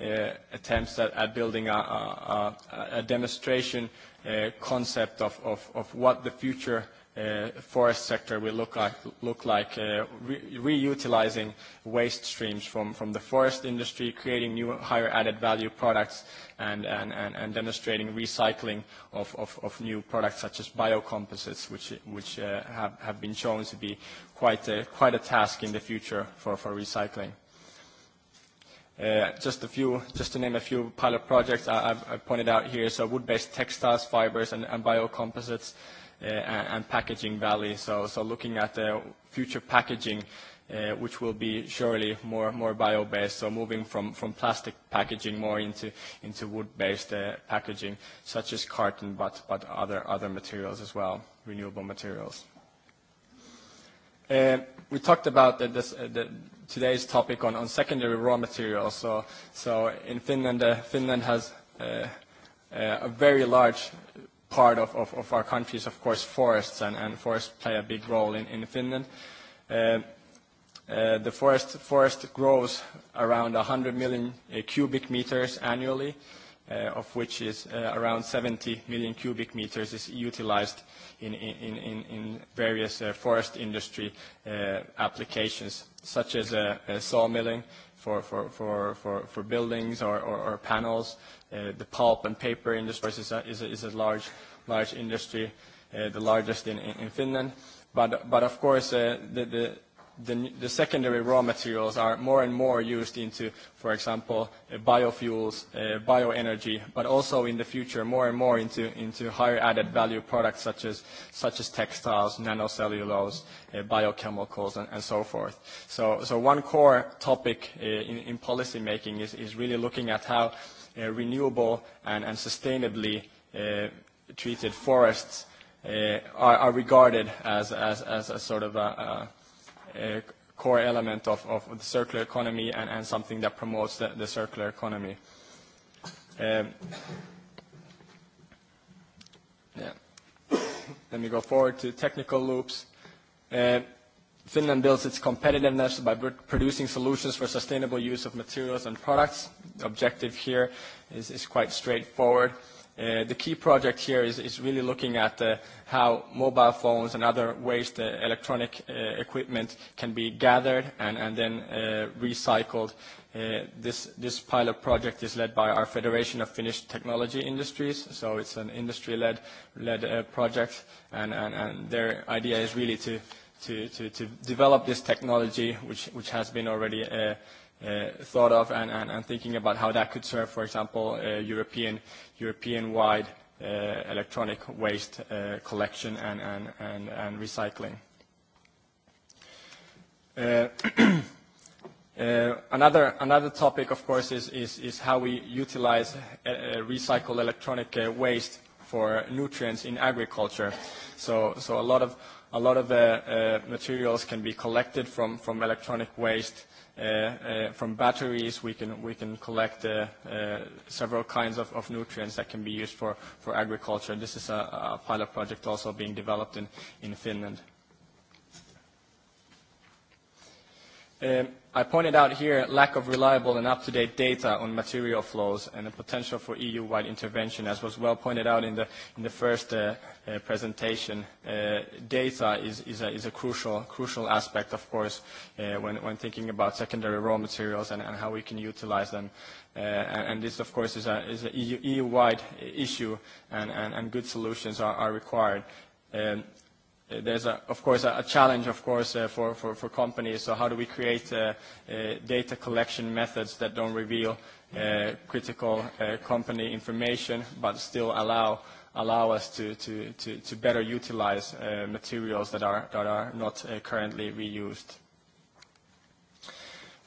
uh, attempts at, at building a, a, a demonstration uh, concept of, of, of what the future uh, forest sector will look like, look like uh, re reutilizing waste streams from, from the forest industry, creating new higher added value products, and, and, and, and demonstrating recycling of, of, of new products such as biocomposites, which, which uh, have, have been shown to be quite a, quite a task in the future for, for recycling. Uh, just a few, just to name a few pilot projects I, I've, I've pointed out here, so wood-based textiles, fibers, and, and biocomposites, uh, and packaging value. So, so looking at the future packaging, uh, which will be surely more, more bio-based, so moving from, from plastic packaging more into, into wood-based uh, packaging, such as carton, but, but other, other materials as well, renewable materials. Uh, we talked about the, this, uh, the, today's topic on, on secondary raw materials. So, so in Finland, uh, Finland has uh, uh, a very large part of, of, of our country is, of course, forests, and, and forests play a big role in, in Finland. Uh, uh, the forest, forest grows around 100 million uh, cubic meters annually, uh, of which is uh, around 70 million cubic meters is utilized in, in, in, in various uh, forest industry uh, applications, such as uh, uh, sawmilling, for, for, for, for, for buildings or, or, or panels. Uh, the pulp and paper industry is a, is a, is a large, large industry, uh, the largest in, in, in Finland. But, but of course, uh, the, the the, the secondary raw materials are more and more used into, for example, uh, biofuels, uh, bioenergy, but also in the future more and more into, into higher added value products such as, such as textiles, nanocellulose, uh, biochemicals, and, and so forth. So, so one core topic uh, in, in policy making is, is really looking at how uh, renewable and, and sustainably uh, treated forests uh, are, are regarded as, as, as a sort of a, a uh, core element of, of the circular economy and, and something that promotes the, the circular economy. Um, yeah. Let me go forward to technical loops. Uh, Finland builds its competitiveness by producing solutions for sustainable use of materials and products. The objective here is, is quite straightforward. Uh, the key project here is, is really looking at uh, how mobile phones and other waste uh, electronic uh, equipment can be gathered and, and then uh, recycled. Uh, this, this pilot project is led by our Federation of Finnish Technology Industries, so it's an industry-led led, uh, project, and, and, and their idea is really to, to, to, to develop this technology, which, which has been already uh, uh, thought of and, and, and thinking about how that could serve, for example, uh, European, European-wide uh, electronic waste uh, collection and, and, and, and recycling. Uh, uh, another, another topic, of course, is, is, is how we utilize uh, recycled electronic uh, waste for nutrients in agriculture. So, so a lot of, a lot of uh, uh, materials can be collected from, from electronic waste from batteries. We can, we can collect uh, uh, several kinds of, of nutrients that can be used for, for agriculture. This is a, a pilot project also being developed in, in Finland. Um, I pointed out here lack of reliable and up-to-date data on material flows and the potential for EU-wide intervention, as was well pointed out in the, in the first uh, uh, presentation. Uh, data is, is, a, is a crucial, crucial aspect, of course, uh, when, when thinking about secondary raw materials and, and how we can utilize them. Uh, and, and this, of course, is an is a EU-wide EU issue, and, and, and good solutions are, are required. Um, there's a, of course a, challenge of course uh, for, for, for companies so how do we create uh, uh, data collection methods that don't reveal uh, critical uh, company information but still allow allow us to, to, to, to better utilize uh, materials that are, that are not uh, currently reused.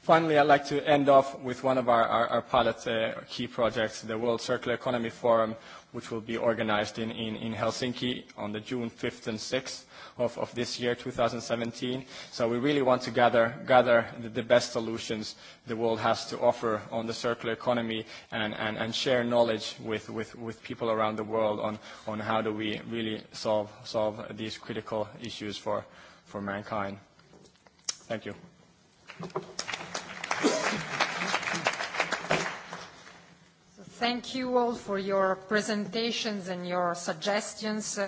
Finally, I'd like to end off with one of our, our, our pilot uh, key projects, the World Circular Economy Forum, which will be organized in, in, in Helsinki on the June 5th and 6th of, of this year, 2017. So we really want to gather, gather the, the best solutions the world has to offer on the circular economy and, and, and share knowledge with, with, with people around the world on, on how do we really solve, solve these critical issues for, for mankind. Thank you. Thank you all for your presentations and your suggestions.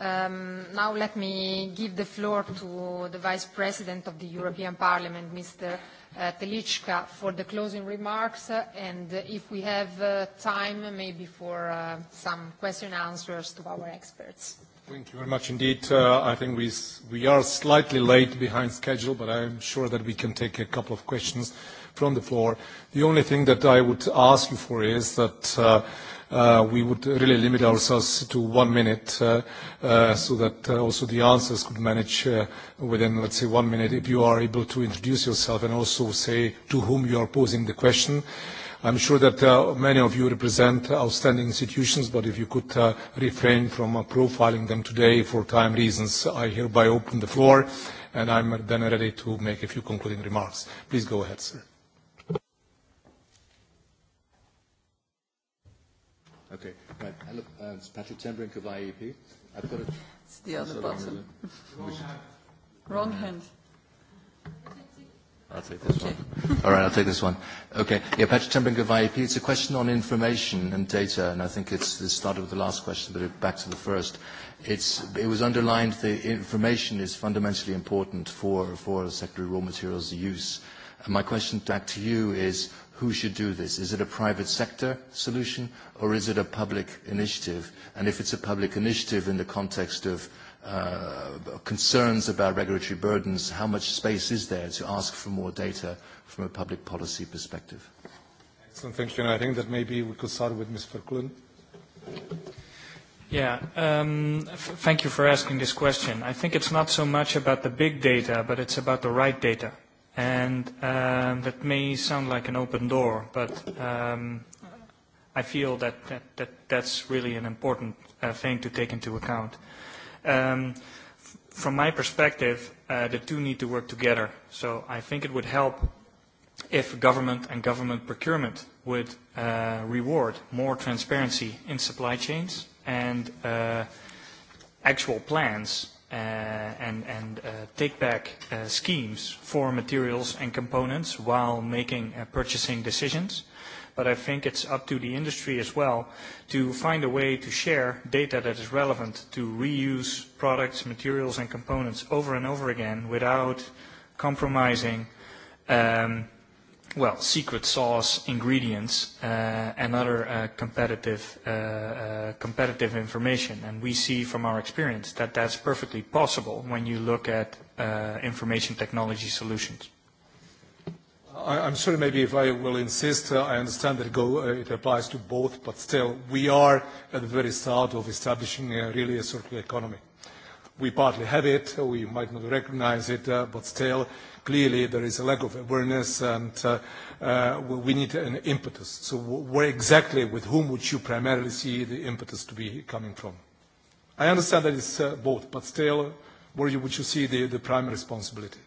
Now let me give the floor to the Vice President of the European Parliament, Mr. Telíčka, for the closing remarks, and if we have time, maybe for some question and answers to our experts. Thank you very much indeed. I think we are slightly late behind schedule, but I'm sure that we can take a couple of questions from the floor. The only thing that I would ask you for is that we would really limit ourselves to one minute so that also the answers could manage within, let's say, one minute if you are able to introduce yourself and also say to whom you are posing the question. I'm sure that uh, many of you represent outstanding institutions, but if you could uh, refrain from uh, profiling them today for time reasons, I hereby open the floor, and I'm then ready to make a few concluding remarks. Please go ahead, sir. Okay. Right. Hello, uh, it's Patrick Tembrink of IEP. I've got a... It's the other button. Wrong hand. Wrong hand. I'll take this one. All right, I'll take this one. Okay. Yeah, Patrick Tembrink of IEP. It's a question on information and data, and I think it's, it started with the last question, but it, back to the first. It's, it was underlined that information is fundamentally important for, for secondary raw materials use. And my question back to you is, who should do this? Is it a private sector solution or is it a public initiative? And if it's a public initiative in the context of uh, concerns about regulatory burdens, how much space is there to ask for more data from a public policy perspective? Excellent, thank you. And I think that maybe we could start with Ms. Verkulen. Yeah. Thank you for asking this question. I think it's not so much about the big data, but it's about the right data. And um, that may sound like an open door, but um, I feel that, that, that that's really an important uh, thing to take into account. Um, from my perspective, uh, the two need to work together. So I think it would help if government and government procurement would uh, reward more transparency in supply chains and uh, actual plans and, and uh, take-back uh, schemes for materials and components while making uh, purchasing decisions. But I think it's up to the industry as well to find a way to share data that is relevant to reuse products, materials, and components over and over again without compromising um, – well, secret sauce, ingredients, uh, and other uh, competitive, uh, uh, competitive information. And we see from our experience that that's perfectly possible when you look at uh, information technology solutions. I, I'm sorry, maybe if I will insist, uh, I understand that go, uh, it applies to both, but still, we are at the very start of establishing uh, really a circular economy. We partly have it, we might not recognize it, uh, but still, Clearly, there is a lack of awareness, and uh, uh, we need an impetus. So where exactly, with whom would you primarily see the impetus to be coming from? I understand that it's uh, both, but still, where you, would you see the, the primary responsibility?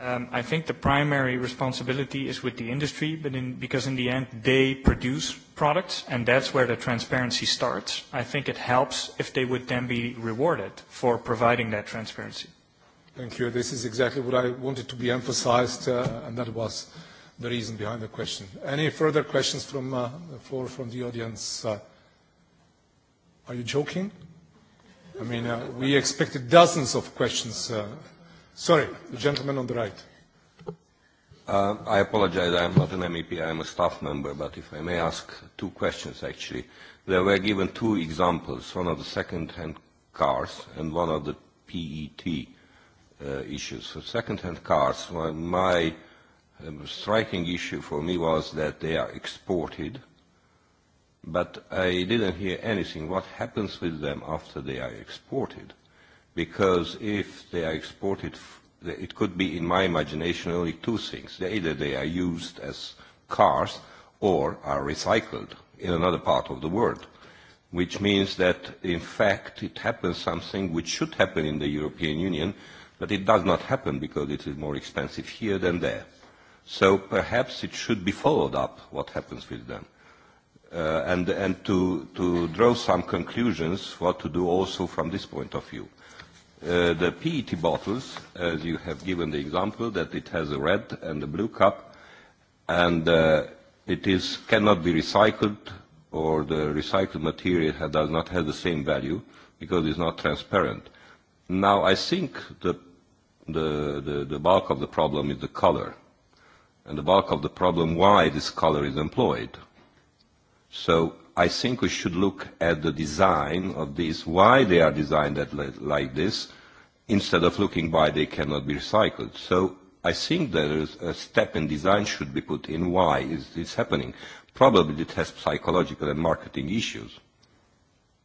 Um, I think the primary responsibility is with the industry, but in, because in the end they produce products, and that's where the transparency starts. I think it helps if they would then be rewarded for providing that transparency. Thank you. This is exactly what I wanted to be emphasized, uh, and that was the reason behind the question. Any further questions from uh, the floor from the audience? Uh, are you joking? I mean, uh, we expected dozens of questions. Uh, sorry, the gentleman on the right. Uh, I apologize, I am not an MEP, I am a staff member, but if I may ask two questions actually. There were given two examples, one of the second-hand cars and one of the PET uh, issues. So second-hand cars, my, my um, striking issue for me was that they are exported, but I didn't hear anything. What happens with them after they are exported? Because if they are exported, it could be, in my imagination, only two things. Either they are used as cars or are recycled in another part of the world which means that, in fact, it happens something which should happen in the European Union, But it does not happen because it is more expensive here than there. So perhaps it should be followed up what happens with them. Uh, and and to, to draw some conclusions what to do also from this point of view. Uh, the PET bottles, as you have given the example, that it has a red and a blue cup, and uh, it is cannot be recycled, or the recycled material does not have the same value because it's not transparent Now, I think the, the, the, the bulk of the problem is the color, and the bulk of the problem why this color is employed. So I think we should look at the design of these, why they are designed at, like this, instead of looking why they cannot be recycled. So I think there is a step in design should be put in why is this happening. Probably it has psychological and marketing issues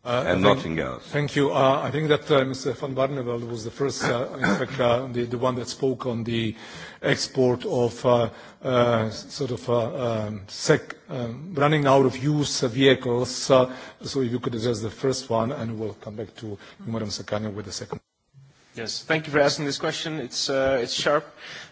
Uh, and nothing else. Thank you. Uh, I think that uh, Mr. van Barneveld was the first, uh, in fact, uh, the, the one that spoke on the export of uh, uh, sort of uh, um, sec, um, running out of use vehicles. Uh, so if you could address the first one, and we'll come back to you, Madam Sakanya, with the second. Yes, thank you for asking this question. It's uh, it's sharp.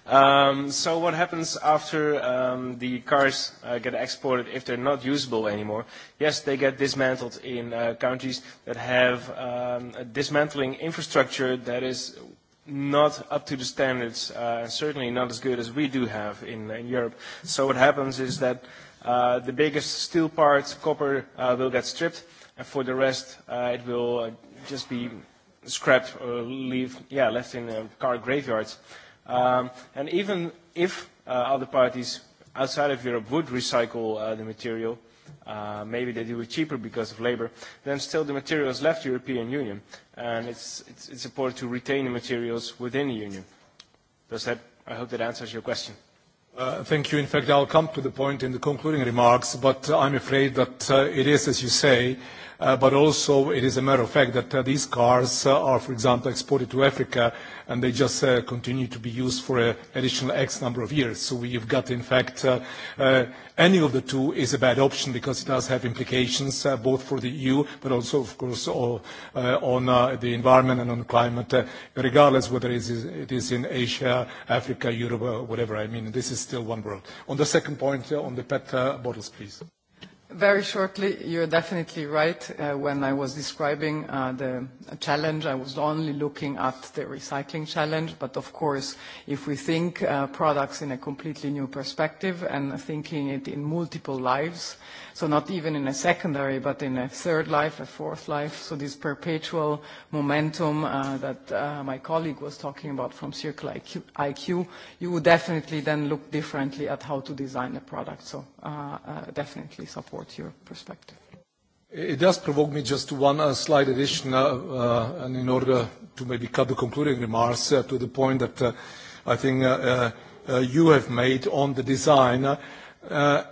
Um, so what happens after um, the cars uh, get exported if they're not usable anymore? Yes, they get dismantled in uh, countries that have um, a dismantling infrastructure that is not up to the standards, uh, certainly not as good as we do have in, in Europe. So what happens is that uh, the biggest steel parts, copper, uh, will get stripped, and for the rest, uh, it will uh, just be scrap uh, leave, yeah, left in uh, car graveyards. Um, and even if uh, other parties outside of Europe would recycle uh, the material, uh, maybe they do it cheaper because of labor, then still the materials left the European Union, and it's, it's, it's important to retain the materials within the Union. Does that, I hope that answers your question. Thank you. In fact, I'll come to the point in the concluding remarks, but I'm afraid that it is as you say, but also it is a matter of fact that these cars are, for example, exported to Africa, and they just uh, continue to be used for an additional X number of years. So we've got, in fact, uh, uh, any of the two is a bad option because it does have implications uh, both for the EU, but also, of course, all, uh, on uh, the environment and on climate, uh, regardless whether it is, it is in Asia, Africa, Europe, or whatever. I mean, this is still one world. On the second point, uh, on the PET uh, bottles, please. Very shortly, you're definitely right. When I was describing the challenge, I was only looking at the recycling challenge. But of course, if we think products in a completely new perspective and thinking it in multiple lives, So not even in a secondary, but in a third life, a fourth life. So this perpetual momentum uh, that uh, my colleague was talking about from Circle IQ, IQ, you would definitely then look differently at how to design the product. So uh, uh, definitely support your perspective. It does provoke me just to one uh, slight addition, uh, uh, and in order to maybe cut the concluding remarks uh, to the point that uh, I think uh, uh, you have made on the design. Uh,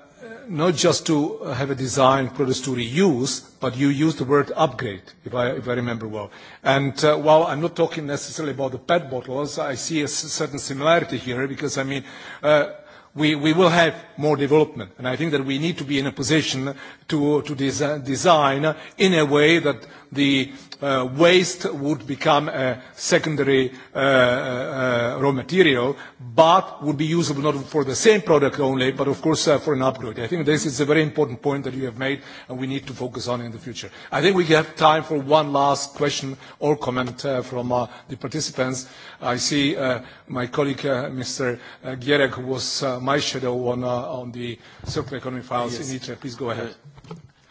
not just to have a design us to reuse, but you use the word upgrade, if I, if I remember well. And uh, while I'm not talking necessarily about the PET bottles, I see a certain similarity here because, I mean, uh, we, we will have more development. And I think that we need to be in a position to, to des design in a way that the uh, waste would become a secondary uh, uh, raw material, but would be usable not for the same product only, but of course uh, for an upgrade. I think this is a very important point that you have made, and we need to focus on in the future. I think we have time for one last question or comment uh, from uh, the participants. I see uh, my colleague, uh, Mr. Gierek, who was uh, my shadow on, uh, on the circular economy files in Italy. Please go ahead.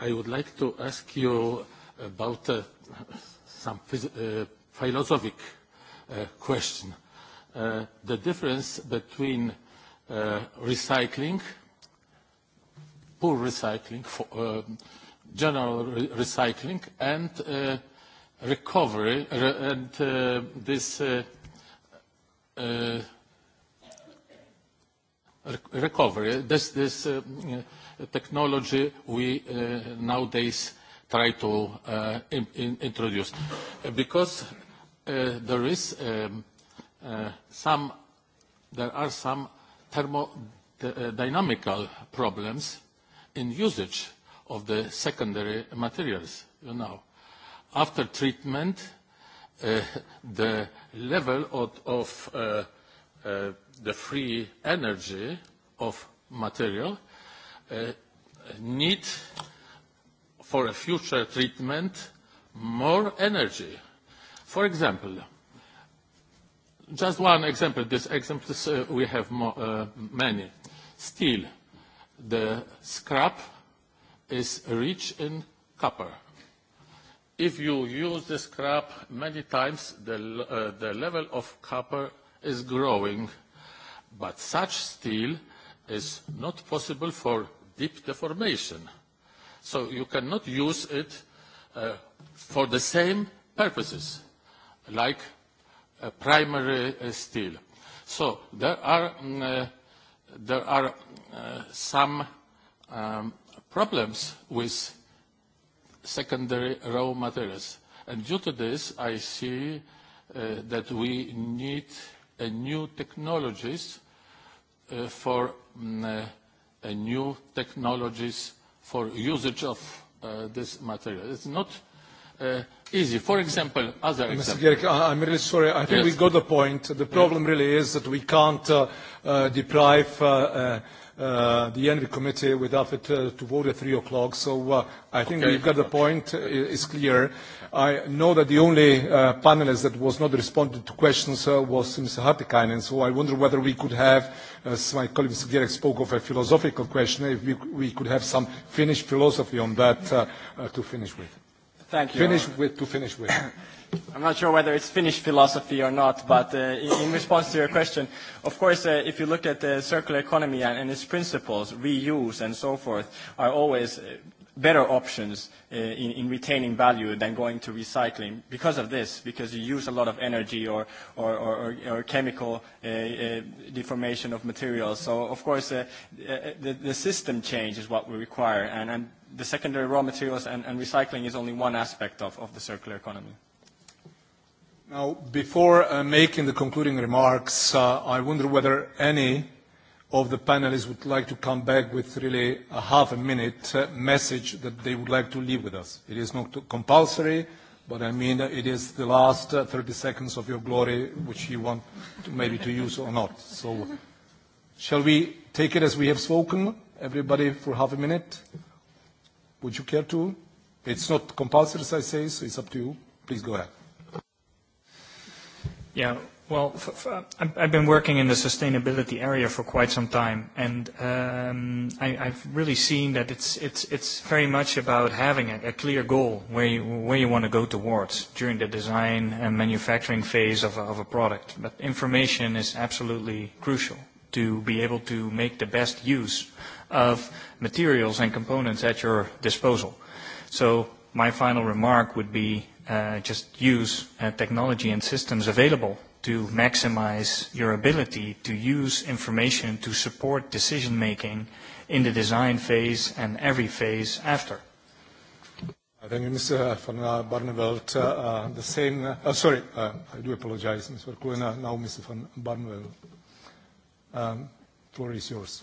I would like to ask you about uh, some uh, philosophic uh, question. Uh, the difference between uh, recycling, poor recycling, for, uh, general re recycling, and uh, recovery, re and uh, this uh, uh, recovery, this, this uh, technology we uh, nowadays try to uh, in, in introduce. Because uh, there is um, uh, some, there are some thermodynamical problems in usage of the secondary materials, you know. After treatment, uh, the level of, of uh, uh, the free energy of material uh, need for a future treatment more energy. For example, just one example, these examples uh, we have more, uh, many. Steel, the scrap is rich in copper. If you use the scrap many times, the, uh, the level of copper is growing, but such steel is not possible for deep deformation So you cannot use it uh, for the same purposes, like uh, primary uh, steel. So there are, uh, there are uh, some um, problems with secondary raw materials. And due to this, I see uh, that we need a new technologies uh, for um, uh, a new technologies for usage of uh, this material. It's not uh, easy. For example, other examples. Mr. Gierek, I'm really sorry. I think yes. we got the point. The problem really is that we can't uh, uh, deprive uh, uh, uh, the Envy Committee with AFIT uh, to vote at 3 o'clock, so uh, I think okay. got the point. It's clear. I know that the only uh, panelist that was not responding to questions uh, was Mr. Hatikainen, so I wonder whether we could have, as my colleague Mr. Gierek spoke of a philosophical question, if we, we could have some Finnish philosophy on that to finish with. Thank you. Finish with, to finish with. I'm not sure whether it's Finnish philosophy or not, but uh, in, in response to your question, of course, uh, if you look at the circular economy and, and its principles, reuse and so forth are always better options uh, in, in retaining value than going to recycling because of this, because you use a lot of energy or, or, or, or, or chemical uh, uh, deformation of materials. So, of course, uh, the, the system change is what we require, and, and the secondary raw materials and, and recycling is only one aspect of, of the circular economy. Now, before uh, making the concluding remarks, uh, I wonder whether any of the panelists would like to come back with really a half a minute uh, message that they would like to leave with us. It is not compulsory, but I mean it is the last uh, 30 seconds of your glory which you want to, maybe to use or not. So shall we take it as we have spoken, everybody, for half a minute? Would you care to? It's not compulsory, as I say, so it's up to you. Please go ahead. Yeah. Well, f- f- I've been working in the sustainability area for quite some time, and um, I, I've really seen that it's it's it's very much about having a, a clear goal where you where you want to go towards during the design and manufacturing phase of a, of a product. But information is absolutely crucial to be able to make the best use of materials and components at your disposal. So my final remark would be uh, just use uh, technology and systems available to maximize your ability to use information to support decision making in the design phase and every phase after. Thank you, Mr. van Barneveld. Uh, the same, uh, sorry, uh, I do apologize, Mr. Kluena, now Mr. van Barneveld. Um, floor is yours.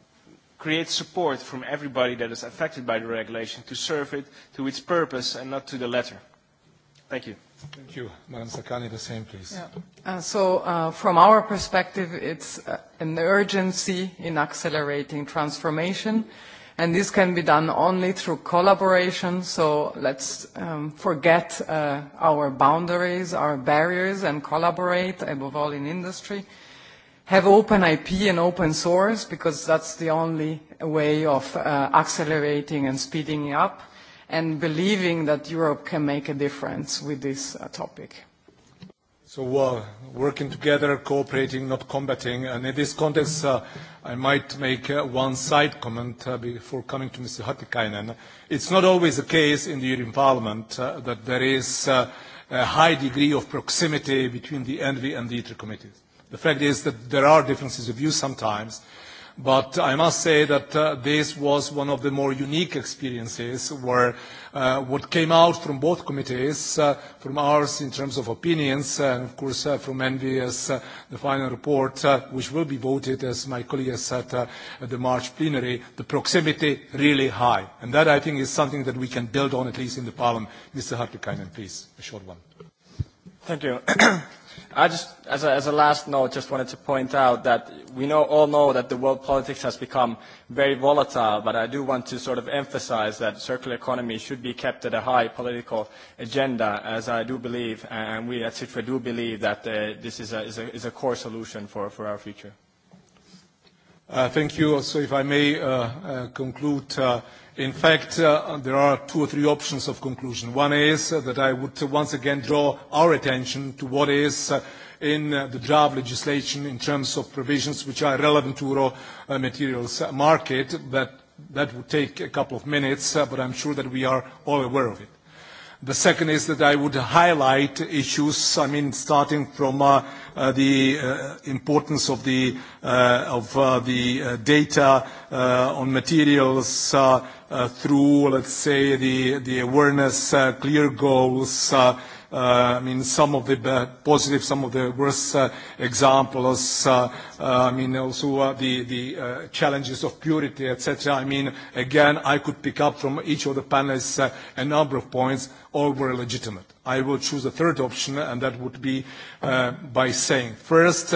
create support from everybody that is affected by the regulation to serve it to its purpose and not to the letter. Thank you. Thank you. Madam Sakani, the same, please. Yeah. Uh, so uh, from our perspective, it's uh, an urgency in accelerating transformation. And this can be done only through collaboration. So let's um, forget uh, our boundaries, our barriers, and collaborate, above all in industry have open IP and open source because that's the only way of uh, accelerating and speeding up and believing that Europe can make a difference with this uh, topic. So uh, working together, cooperating, not combating. And in this context, uh, I might make uh, one side comment uh, before coming to Mr. Hattikainen. It's not always the case in the European Parliament uh, that there is uh, a high degree of proximity between the ENVI and the ITRE committees The fact is that there are differences of views sometimes, but I must say that uh, this was one of the more unique experiences where uh, what came out from both committees, uh, from ours in terms of opinions, and of course uh, from as uh, the final report, uh, which will be voted, as my colleague has said, uh, at the March plenary, the proximity really high. And that, I think, is something that we can build on, at least in the Parliament. Mr. Hartikainen, please, a short one. Thank you. I just, as a, as a last note, just wanted to point out that we know, all know that the world politics has become very volatile, but I do want to sort of emphasize that circular economy should be kept at a high political agenda, as I do believe, and we at CITRA do believe that uh, this is a, is, a, is a core solution for, for our future. Uh, thank you. So if I may uh, uh, conclude, uh, In fact, uh, there are two or three options of conclusion. One is uh, that I would once again draw our attention to what is uh, in the draft legislation in terms of provisions which are relevant to raw materials market. That, that would take a couple of minutes, but I'm sure that we are all aware of it. The second is that I would highlight issues, I mean, starting from the importance of the data on materials through, let's say, the awareness, clear goals, uh, I mean, some of the positive, some of the worst examples, uh, I mean, also uh, the, the uh, challenges of purity, cetera. I mean, again, I could pick up from each of the panelists a number of points, all were legitimate. I will choose a third option, and that would be by saying, first,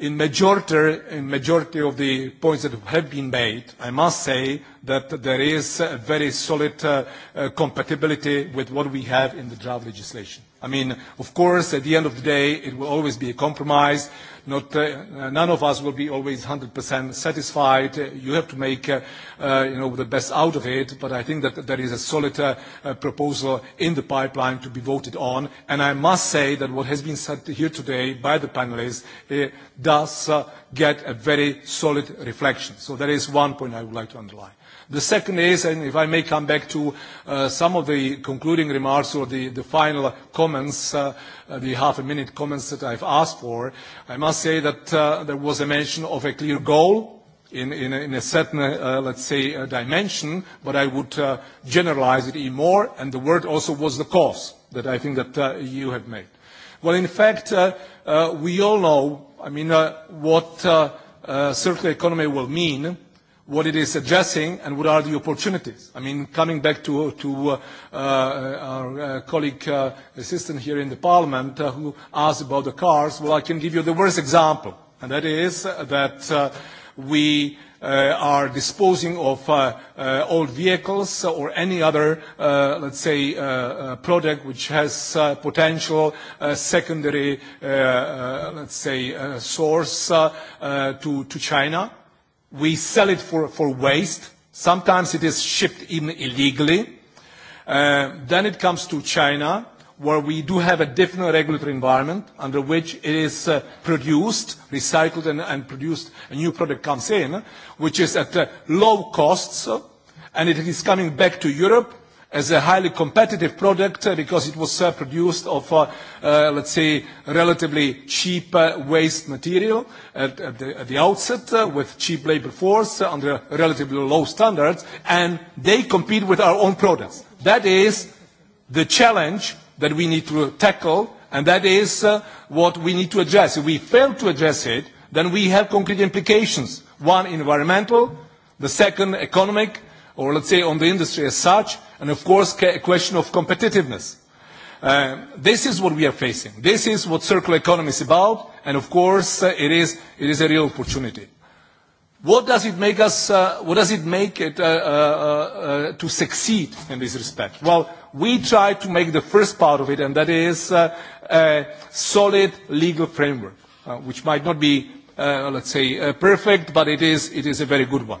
in majority, in majority of the points that have been made, I must say that there is a very solid uh, uh, compatibility with what we have in the draft legislation. I mean, of course, at the end of the day, it will always be a compromise. Not, uh, none of us will be always 100% satisfied. You have to make uh, you know, the best out of it, but I think that there is a solid uh, proposal in the pipeline to be voted on. And I must say that what has been said here today by the panelists uh, does uh, get a very solid reflection. So that is one point I would like to underline. The second is, and if I may come back to uh, some of the concluding remarks or the, the final comments, uh, the half a minute comments that I've asked for, I must say that uh, there was a mention of a clear goal in, in, a, in a certain, uh, let's say, uh, dimension, but I would uh, generalize it even more, and the word also was the cause that I think that uh, you have made. Well, in fact, uh, uh, we all know, I mean, uh, what uh, uh, circular economy will mean what it is addressing and what are the opportunities. I mean, coming back to, to uh, uh, our colleague uh, assistant here in the parliament uh, who asked about the cars, well, I can give you the worst example, and that is that uh, we uh, are disposing of uh, uh, old vehicles or any other, uh, let's say, uh, uh, product which has uh, potential uh, secondary, uh, uh, let's say, uh, source uh, uh, to, to China We sell it for, for waste. Sometimes it is shipped in illegally. Uh, then it comes to China, where we do have a different regulatory environment under which it is uh, produced, recycled and, and produced, a new product comes in, which is at uh, low costs, and it is coming back to Europe as a highly competitive product because it was produced of, let's say, relatively cheap waste material at the at the outset with cheap labor force under relatively low standards, and they compete with our own products. That is the challenge that we need to tackle, and that is what we need to address. If we fail to address it, then we have concrete implications. One, environmental, the second, economic, or let's say on the industry as such, and of course a question of competitiveness. Uh, this is what we are facing. This is what circular economy is about, and of course uh, it, is, it is a real opportunity. What does it make us, uh, what does it make it uh, uh, uh, to succeed in this respect? Well, we try to make the first part of it, and that is uh, a solid legal framework, uh, which might not be, uh, let's say, uh, perfect, but it is, it is a very good one.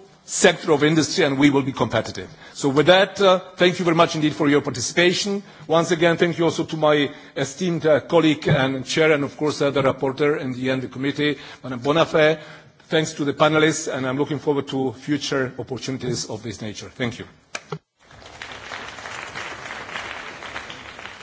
sector of industry and we will be competitive. So with that, uh, thank you very much indeed for your participation. Once again, thank you also to my esteemed uh, colleague and chair and of course uh, the rapporteur and the end the committee, Madame Bonafé. Thanks to the panelists and I'm looking forward to future opportunities of this nature. Thank you.